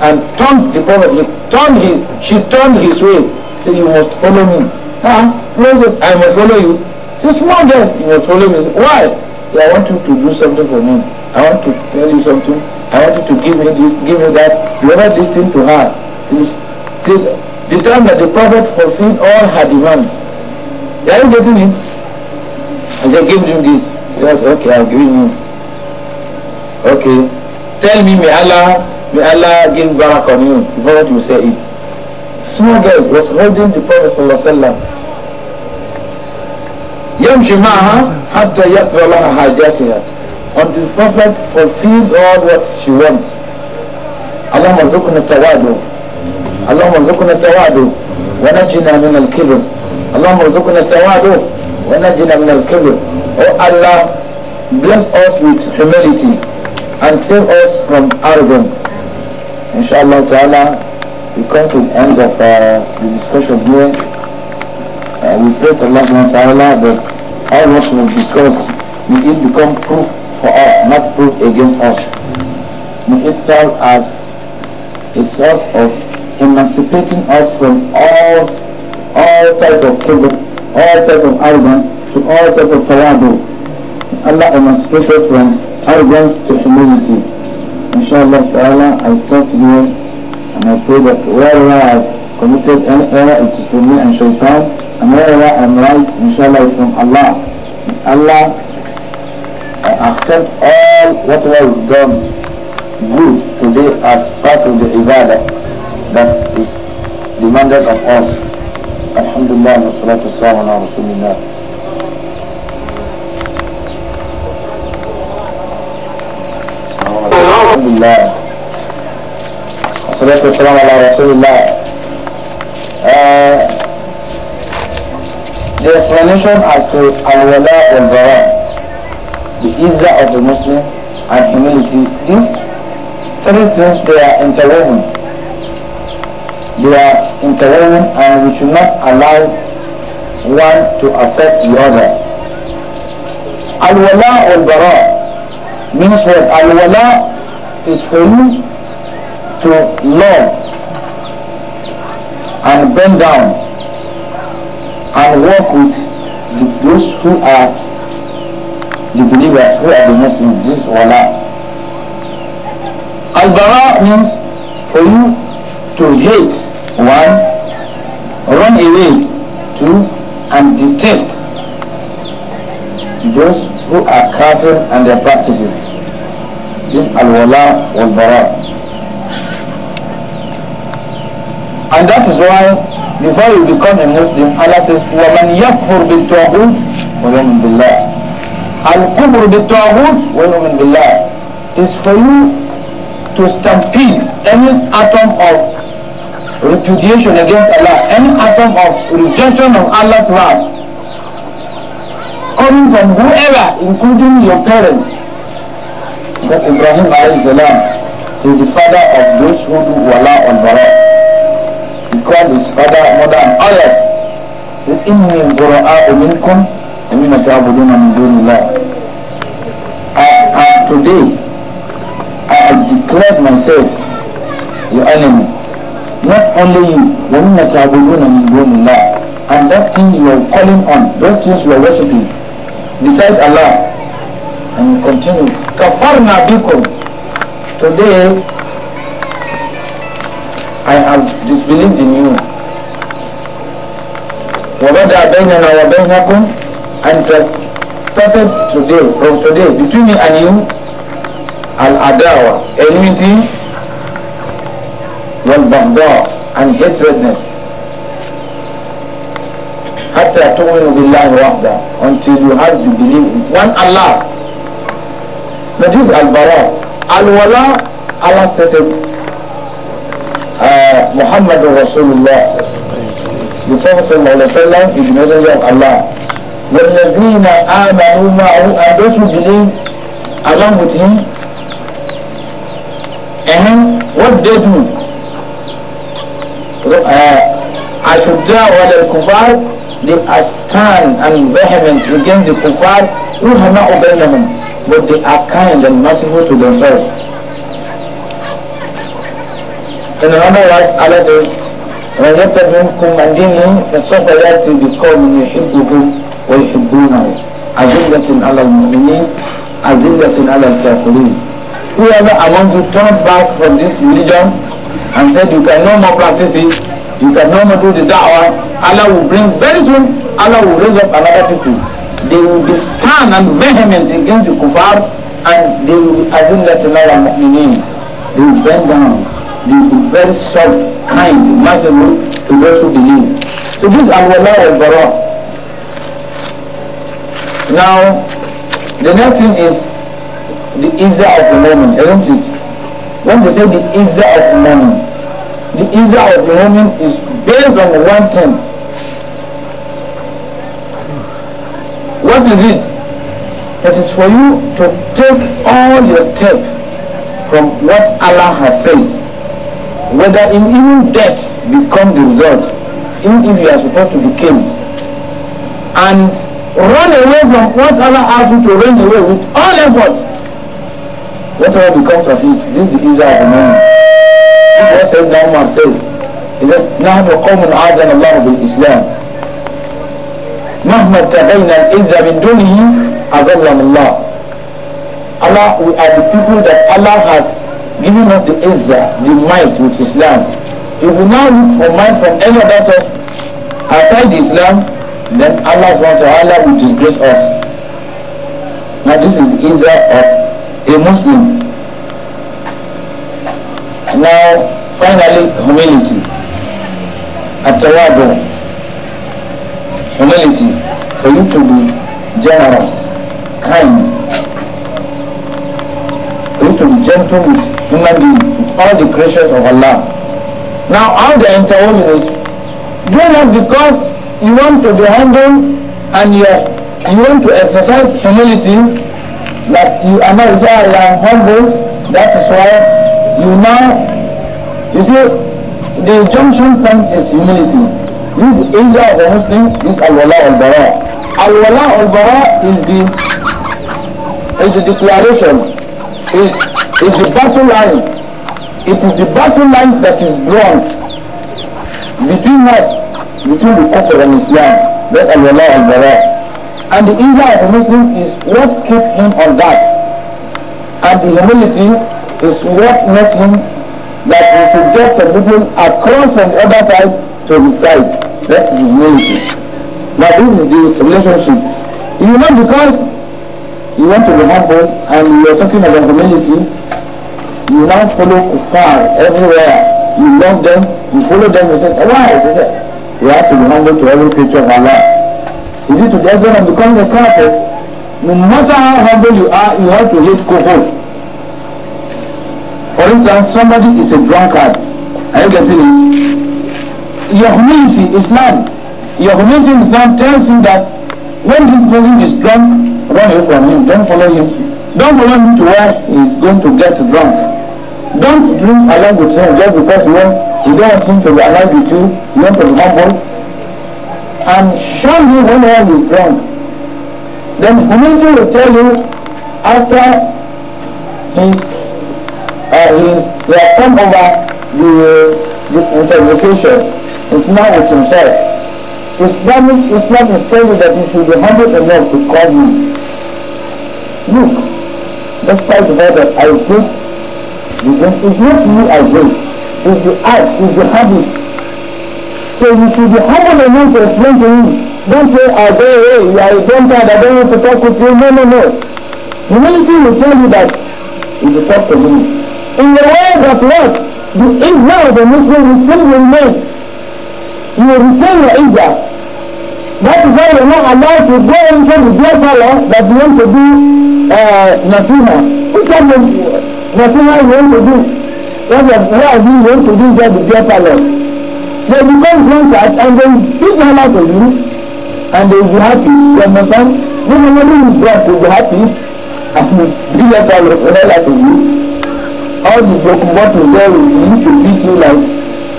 and turned the Prophet, he turned she turned his way, said, you must follow me. Huh? Ah, said, I must follow you. She said, small girl, you must follow me. Said, Why? She said, I want you to do something for me. I want to tell you something. I want you to give me this, give me that. You are not listening to her till, till the time that the prophet fulfilled all her demands. Are you getting it? And they gave him this. He said, okay, I'm giving you. Okay. Tell me, may Allah, may Allah give back on you. The prophet will say it. Small girl was holding the prophet sallallahu يمشي معها حتى يقضى لها حاجاتها until the prophet fulfilled all what she wants Allah ارزقنا التواضع اللهم ارزقنا التواضع ونجنا من الكبر اللهم ارزقنا التواضع ونجنا من الكبر Oh Allah bless us with humility and save us from arrogance inshallah ta'ala we come to the end of uh, the discussion here uh, we pray to Allah ta'ala that all what we have discussed may it become proof for us not proof against us may it serve as a source of emancipating us from all all type of cable, all type of arrogance to all type of parable. Allah emancipated us from arrogance to humility. Inshallah ta'ala, I stop here and I pray that wherever I have committed any error, it is from me and shaitan. And wherever I am right, inshallah, it's from Allah. Allah, I accept all whatever we've done good today as part of the ibadah that is demanded of us. Alhamdulillah wa salatu wassalam ala Rasulillah. Alhamdulillah. Salatu wassalam ala Rasulillah. Uh, the explanation as to al-wala wal-bara, the izzah of the Muslim and humility, these three things they are interwoven. they are interwoven and we should not allow one to affect the other. Al-wala al-bara means what? Al-wala is for you to love and bend down and work with the, those who are the believers, who are the Muslims. This is wala. Al-bara means for you to hate one, run away to, and detest those who are kafir and their practices. This al-wala wal-bara. And that is why before you become a Muslim, Allah says, وَمَنْ يَكْفُرْ بِالْتَوْغُودِ وَيُؤْمِنْ بِاللَّهِ Al-kufr bit-tawhud wa yu'min billah is for you to stampede any atom of repudiation against Allah, any atom of rejection of Allah's wrath coming from whoever, including your parents. But Ibrahim salam is the father of those who do wala on bara. He called his father, mother, and others. the براء منكم ومما تعبدون من دون I, have today, I have declared myself your enemy not only you وَمِنَّ تَعْبُدُونَ مِنْ in اللَّهِ and that thing you are calling on those things you are worshiping, beside Allah and you continue كَفَرْنَا بِكُمْ today I have disbelieved in you وَبَدَى بَيْنَنَا وَبَيْنَكُمْ and just started today from today between me and you al-adawa enmity والبغضاء and hatredness حتى تؤمنوا بالله وحده until you have to believe in one Allah that is al-bara al-wala Allah stated uh, Muhammad Rasulullah the Prophet sallallahu alaihi wasallam is the messenger of Allah والذين آمنوا معه and those who believe along with him and what they do Uh, I should ashudda wal kufar they are stern and vehement against the kuffar who have not obeyed them, but they are kind and merciful to themselves in another verse Allah says for ومن يرتد منكم عن دينه فسوف ياتي بقوم يحبهم ويحبونه أذلة على المؤمنين أذلة على الكافرين whoever among you turn back from this religion and said, You can no more practice it, you can no more do the da'wah. Allah will bring very soon, Allah will raise up another people. They will be stern and vehement against the kuffar and they will be azillatullah al mu'mineen. They will bend down. They will be very soft, kind, merciful to those who believe. So this is al-wala al-bara. Now, the next thing is the ease of the moment, isn't it? When they say the izza of money, the izza of the woman is based on one thing. What is it? It is for you to take all your step from what Allah has said. Whether in even death become the result, even if you are supposed to be killed. And run away from what Allah has you to run away with all efforts. Whatever becomes of it, this is the Israel of the moment. This is what said man says. He said, نحن قوم عادنا الله Islam مهما ابتغينا العزة من دونه أذلنا الله. Allah, Allah, we are the people that Allah has given us the Izzah, the might with Islam. If we now look for might from any other source aside Islam, then Allah SWT will disgrace us. Now this is the Izzah of a Muslim. Now, finally, humility. Atawadu. Humility. For you to be generous, kind. For you to be gentle with human being, with all the creatures of Allah. Now, all the interwoven do not because you want to be humble and you, you want to exercise humility that you are not, you say, I am humble, that is why you now, you see, the junction point is humility. You, Asia of a Muslim is Al-Wala al-Bara. Al-Wala al-Bara is the, is the declaration, it is the battle line. It is the battle line that is drawn between what? Between the Kufr and Islam, that Al-Wala al-Bara. And the evil of a Muslim is what kept him on that. And the humility is what makes him that he should get some people across from the other side to his side. That is humility. Now this is the relationship. You know because you want to be humble and you are talking about humility, you now follow kuffar everywhere. You love them, you follow them, you say, why? They say, we have to be humble to every creature of Allah. Is it to the husband of becoming a kafir? No matter how humble you are, you have to hate kufur. For instance, somebody is a drunkard. Are you getting it? Your humility, Islam, your humility in Islam tells you that when this person is drunk, run away from him. Don't follow him. Don't follow him to where he's going to get drunk. Don't drink along with him just because you, know, you don't want him to be alive with you. You want to be humble and show you whenever you drunk. Then Huminti will tell you after his uh, his come over the the intoxication is not with himself. Islam Islam is telling you that he should be humble enough to call you. Look, despite the fact that I drink, it's not me I drink. It's the act, it's the habit So you should be humble enough to explain to him. Don't say, I go away, are don't have, I don't want to talk with you. No, no, no. Humility will tell you that if you talk to me. In the way that what? The Izzah of the Muslim will still remain. You will retain your Izzah. That is why you are not allowed to go into the dear fellow that you want to do uh, Nasiha. Which kind of Nasima? you want to do? What, what is he want to do inside the dear fellow? They become drunkards and they eat Allah for you and they will be happy. You understand? When somebody is drunk, will be happy as and bring up Allah to you. All the broken bottles there will need to beat you like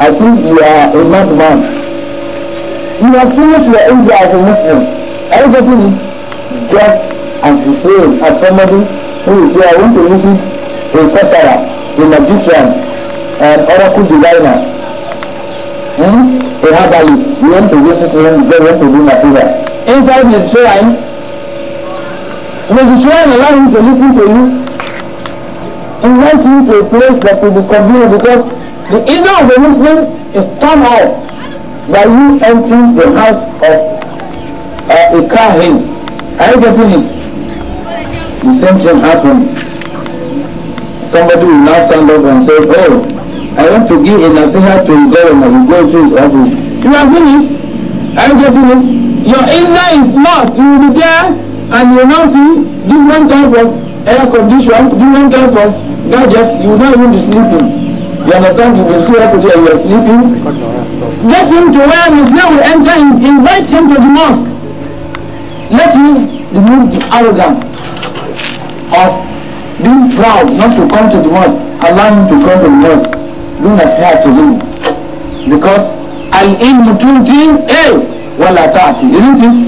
as if you are a madman. You have you are easy as a Muslim. Are you getting it? Just as the same as somebody who is here, I want to visit a sorcerer, a magician, an oracle diviner a hmm? herbalist, you want to visit him, they want to do nasiha. Inside the shrine, when the shrine allow him to listen to you, invite him to a place that will be convenient because the Islam of the Muslim is turned off by you entering the house of uh, a kahin. Are you getting it? The same thing happened. Somebody will now stand up and say, oh, I want to give a nasiha to Igorum and go to his office. You are finished. Are you getting it? Your Isla is lost. You will be there and you will now see different type of air condition, different type of gadget. You will not even be sleeping. You understand? You will see up there you are sleeping. Get him to where Messiah will enter and invite him to the mosque. Let him remove the arrogance of being proud not to come to the mosque. Allow him to come to the mosque do nasiha to him because al-ilmu tuti eh wala ta'ati isn't it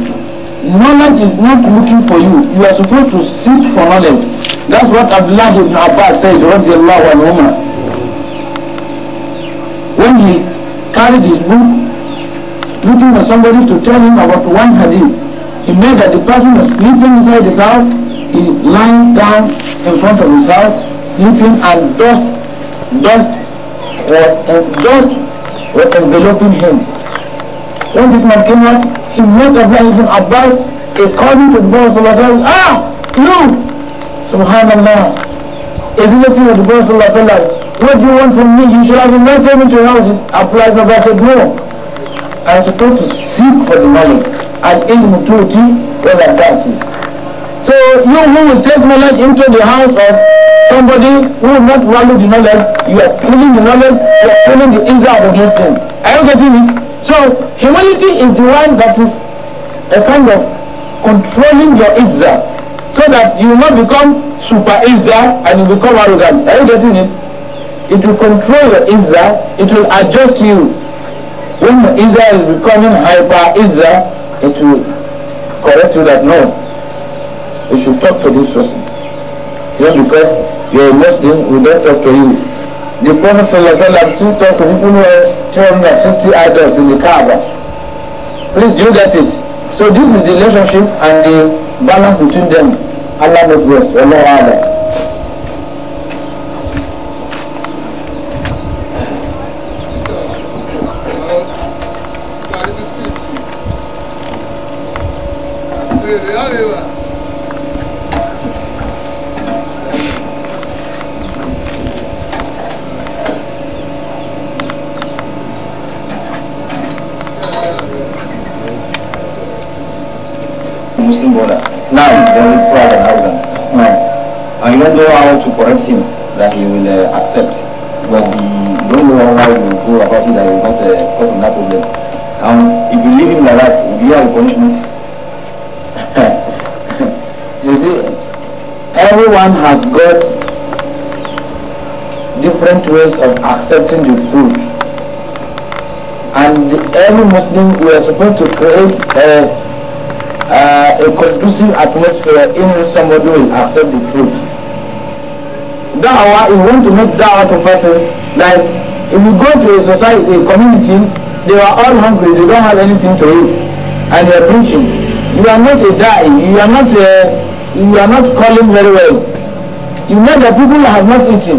knowledge is not looking for you you are supposed to seek for knowledge that's what Abdullah ibn Abbas said radiallahu anhu when he carried his book looking for somebody to tell him about one hadith he made that the person was sleeping inside his house he lying down in front of his house sleeping and dust dust was just were enveloping him. When this man came out, he met Abdullah ibn Abbas, a cousin to the Prophet Ah, you! Subhanallah. A relative of the Prophet what do you want from me? You should have invited me to your house. Abdullah ibn Abbas said, no. I am supposed to seek for the Malik. Al-ilmu tu'ti wa la ta'ti. So you who will take my life into the house of somebody who will not value the knowledge, you are killing the knowledge, you are killing the Israel against them. Are you getting it? So humility is the one that is a kind of controlling your Israel so that you will not become super Israel and you become arrogant. Are you getting it? It will control your Israel, it will adjust you. When Israel is becoming hyper Israel, it will correct you that no, you should talk to this person. You know, because you're a Muslim, we don't talk to you. The Prophet Sallallahu too talk to people who were 260 idols in the Kaaba. Please do you get it. So this is the relationship and the balance between them. Allah knows best. Allah Allah. correct him that he will uh, accept because he don't know how he will go about it That he will not uh, cause him that problem. if you leave him like that, will you have a punishment? you see, everyone has got different ways of accepting the truth. And every Muslim, we are supposed to create a, uh, a conducive atmosphere in which somebody will accept the truth. da'wah, if you want to make da'wah to person, like if you go to a society, a community, they are all hungry, they don't have anything to eat, and you are preaching. You are not a da'i, you are not a, you are not calling very well. You know that people have not eaten.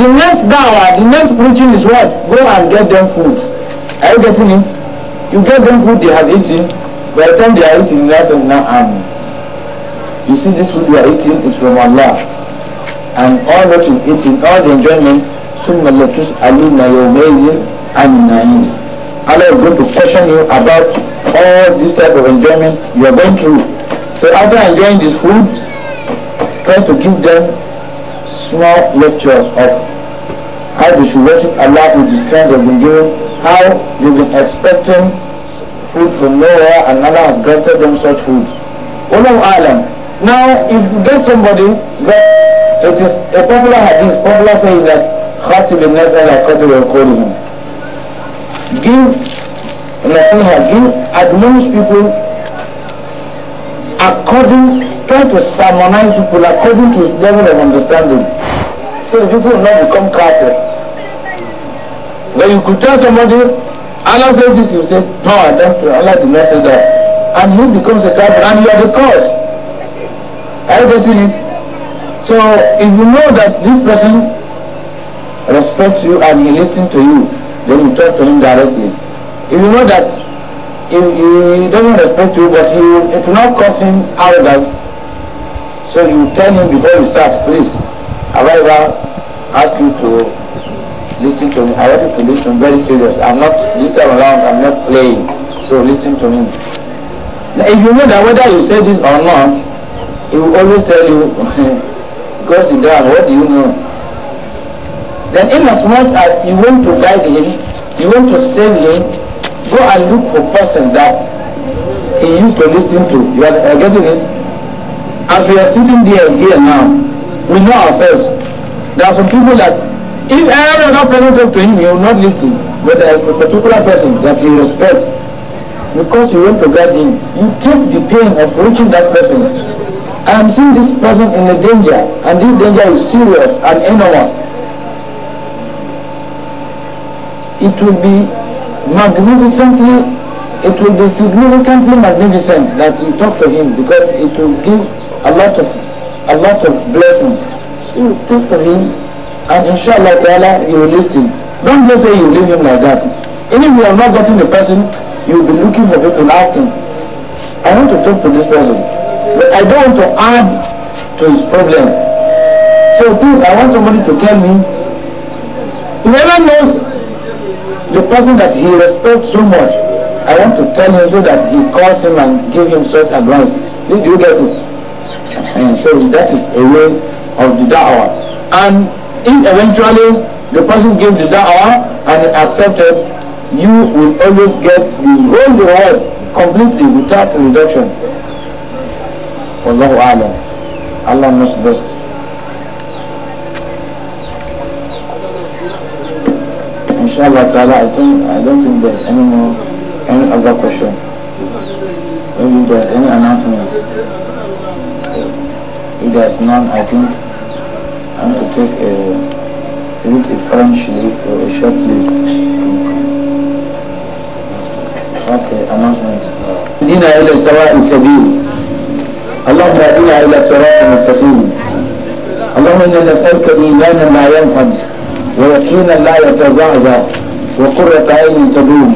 The next da'wah, the next preaching is what? Go and get them food. Are you getting it? You get them food they have eaten, by the time they are eating, that's enough. you see, this food you are eating is from Allah and all that you eat in all the enjoyment ثم لا تسألون amazing and النعيم Allah is going to question you about all this type of enjoyment you are going through so after enjoying this food try to give them small lecture of how they should worship Allah with the strength they've been given how they've been expecting food from nowhere and Allah has granted them such food Wallahu alam now if you get somebody that It is a popular hadith, popular saying that Khatib bin Nasr al will call him. Give Nasiha, give admonish people according, try to sermonize people according to his level of understanding. So the people will not become kafir. When you could tell somebody, Allah says this, you say, no, I don't, Allah did not say that. And he becomes a kafir and you are the cause. Are you getting it? So if you know that this person respects you and he listens to you, then you talk to him directly. If you know that he, he doesn't respect you, but he, it will not cause him arrogance, so you tell him before you start, please, arrival, ask you to listen to me. I want you to listen I'm very serious. I'm not, this time around, I'm not playing. So listen to me. Now, if you know that whether you say this or not, he will always tell you, goes down, what do you know? Then inasmuch as you want to guide him, you want to save him, go and look for person that he used to listen to. You are, are getting it? As we are sitting there here now, we know ourselves. There are some people that if another person talk to him, he will not listen. But there is a particular person that he respects. Because you want to guide him, you take the pain of reaching that person I am seeing this person in a danger, and this danger is serious and enormous. It will be magnificently, it will be significantly magnificent that you talk to him because it will give a lot of a lot of blessings. So talk to him, and inshallah ta'ala, you will listen. Don't just say you leave him like that. Even if you have not gotten the person, you will be looking for people asking, I want to talk to this person. But I don't want to add to his problem. So please, I want somebody to tell me. Whoever knows the person that he respects so much, I want to tell him so that he calls him and give him such advice. Did you get it? And uh, so that is a way of the da'wah. And if eventually the person gave the da'wah and accepted, you will always get the whole reward completely without reduction. والله أعلم الله knows best Inshallah ta'ala I don't, I don't think there's any more any other question maybe there's any announcement if there's none I think I'm going to take a is it French leave or a short leave okay announcement دين إلى سواء سبيل اللهم اهدنا الى صراط مستقيم اللهم انا نسالك ايمانا لا ينفد ويقينا لا يتزعزع وقرة عين تدوم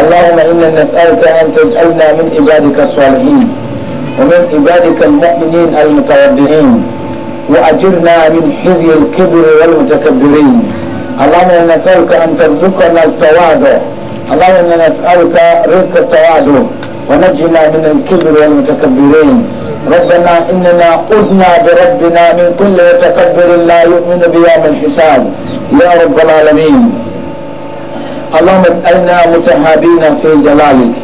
اللهم انا نسالك ان تجعلنا من عبادك الصالحين ومن عبادك المؤمنين المتواضعين واجرنا من حزي الكبر والمتكبرين اللهم انا نسالك ان ترزقنا التواضع اللهم انا نسالك رزق التواضع ونجنا من الكبر والمتكبرين ربنا إننا عدنا بربنا من كل متكبر لا يؤمن بيوم الحساب يا رب العالمين اللهم أنا متهابين في جلالك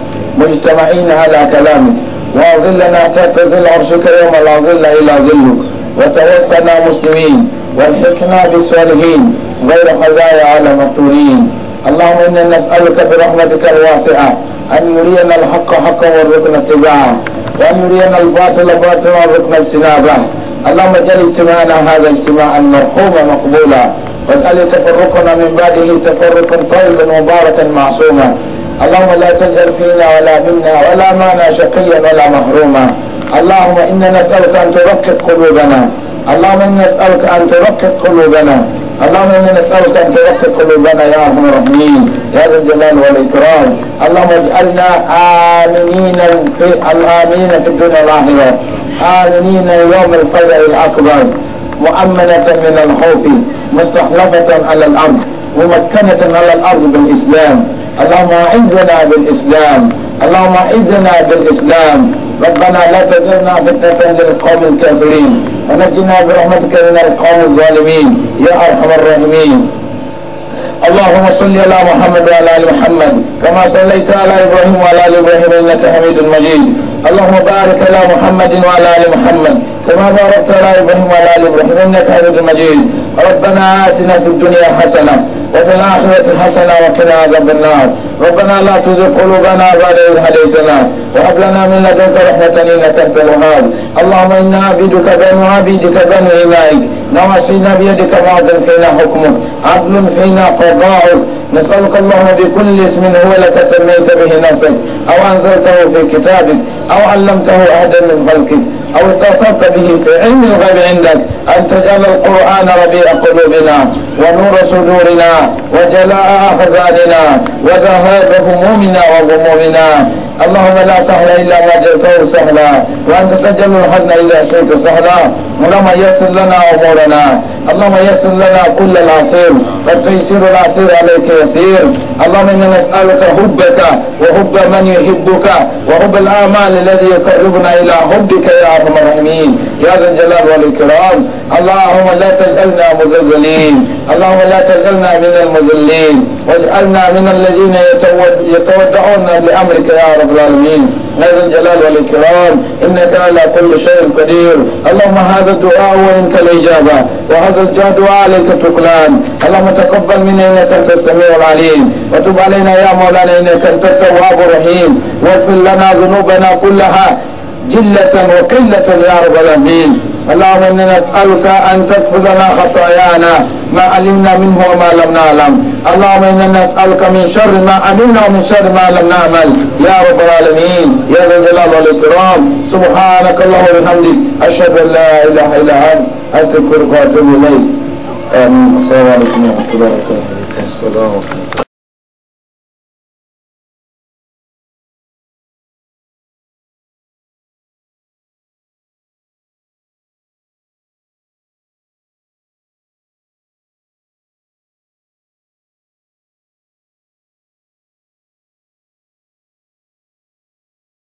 مجتمعين على كلامك وأظلنا تحت ظل عرشك يوم لا ظل إلا ظلك وتوفنا مسلمين والحقنا بالصالحين غير خزايا على مفتونين اللهم إنا نسألك برحمتك الواسعة أن يرينا الحق حقا وارزقنا اتباعه وأن يرينا الباطل باطلا وارزقنا اجتنابه اللهم اجعل اجتماعنا هذا اجتماعا مرحوما مقبولا واجعل تفرقنا من بعده تفرقا طيبا مباركا معصوما اللهم لا تجعل فينا ولا منا ولا معنا شقيا ولا محروما اللهم انا نسالك ان ترقق قلوبنا اللهم انا نسالك ان ترقق قلوبنا اللهم انا نسالك ان تغفر قلوبنا يا ارحم الراحمين يا ذا الجلال والاكرام اللهم اجعلنا امنين في الامين في الدنيا والاخره امنين يوم الفزع الاكبر مؤمنه من الخوف مستخلفه على الارض ممكنه على الارض بالاسلام اللهم اعزنا بالاسلام اللهم اعزنا بالاسلام ربنا لا تجعلنا فتنة للقوم الكافرين ونجنا برحمتك من القوم الظالمين يا أرحم الراحمين اللهم صل على محمد وعلى آل محمد كما صليت على إبراهيم وعلى آل إبراهيم إنك حميد مجيد اللهم بارك على محمد وعلى آل محمد كما باركت على إبراهيم وعلى آل إبراهيم إنك حميد مجيد ربنا آتنا في الدنيا حسنة وفي الآخرة حسنة وقنا عذاب النار ربنا لا تزغ قلوبنا بعد إذ هديتنا وهب لنا من لدنك رحمة إنك أنت الوهاب اللهم إنا عبيدك بنو عبيدك بنو إمائك نواصينا بيدك ماض فينا حكمك عدل فينا قضاؤك نسألك اللهم بكل اسم هو لك سميت به نفسك أو أنزلته في كتابك أو علمته أحدا من خلقك أو اتصلت به في علم الغيب عندك أن تجعل القرآن ربيع قلوبنا ونور صدورنا وجلاء أحزاننا وذهاب همومنا وغمومنا اللهم لا سهل إلا ما جئته سهلا وأنت تجل الحزن الى شئت سهلا اللهم يسر لنا أمورنا اللهم يسر لنا كل العصير فالتيسير العصير عليك يسير اللهم إنا نسألك حبك وحب من يحبك وحب الأعمال الذي يقربنا إلى حبك يا أرحم الراحمين يا ذا الجلال والإكرام اللهم لا تجعلنا مذللين اللهم لا تجعلنا من المذلين واجعلنا من الذين يتودعون بامرك يا رب العالمين هذا الجلال والإكرام إنك على كل شيء قدير اللهم هذا الدعاء وإنك الإجابة وهذا الدعاء عليك تقلان اللهم تقبل منا إنك أنت السميع العليم وتب علينا يا مولانا إنك أنت التواب الرحيم واغفر لنا ذنوبنا كلها جلة وقلة يا رب العالمين اللهم إنا نسألك أن تغفر لنا خطايانا ما علمنا منه وما لم نعلم اللهم إنا نسألك من شر ما علمنا ومن شر ما لم نعمل يا رب العالمين يا ذا الجلال والإكرام سبحانك اللهم وبحمدك أشهد أن لا إله إلا أنت أستغفرك وأتوب إليك آمين السلام عليكم ورحمة الله وبركاته السلام ورحمة الله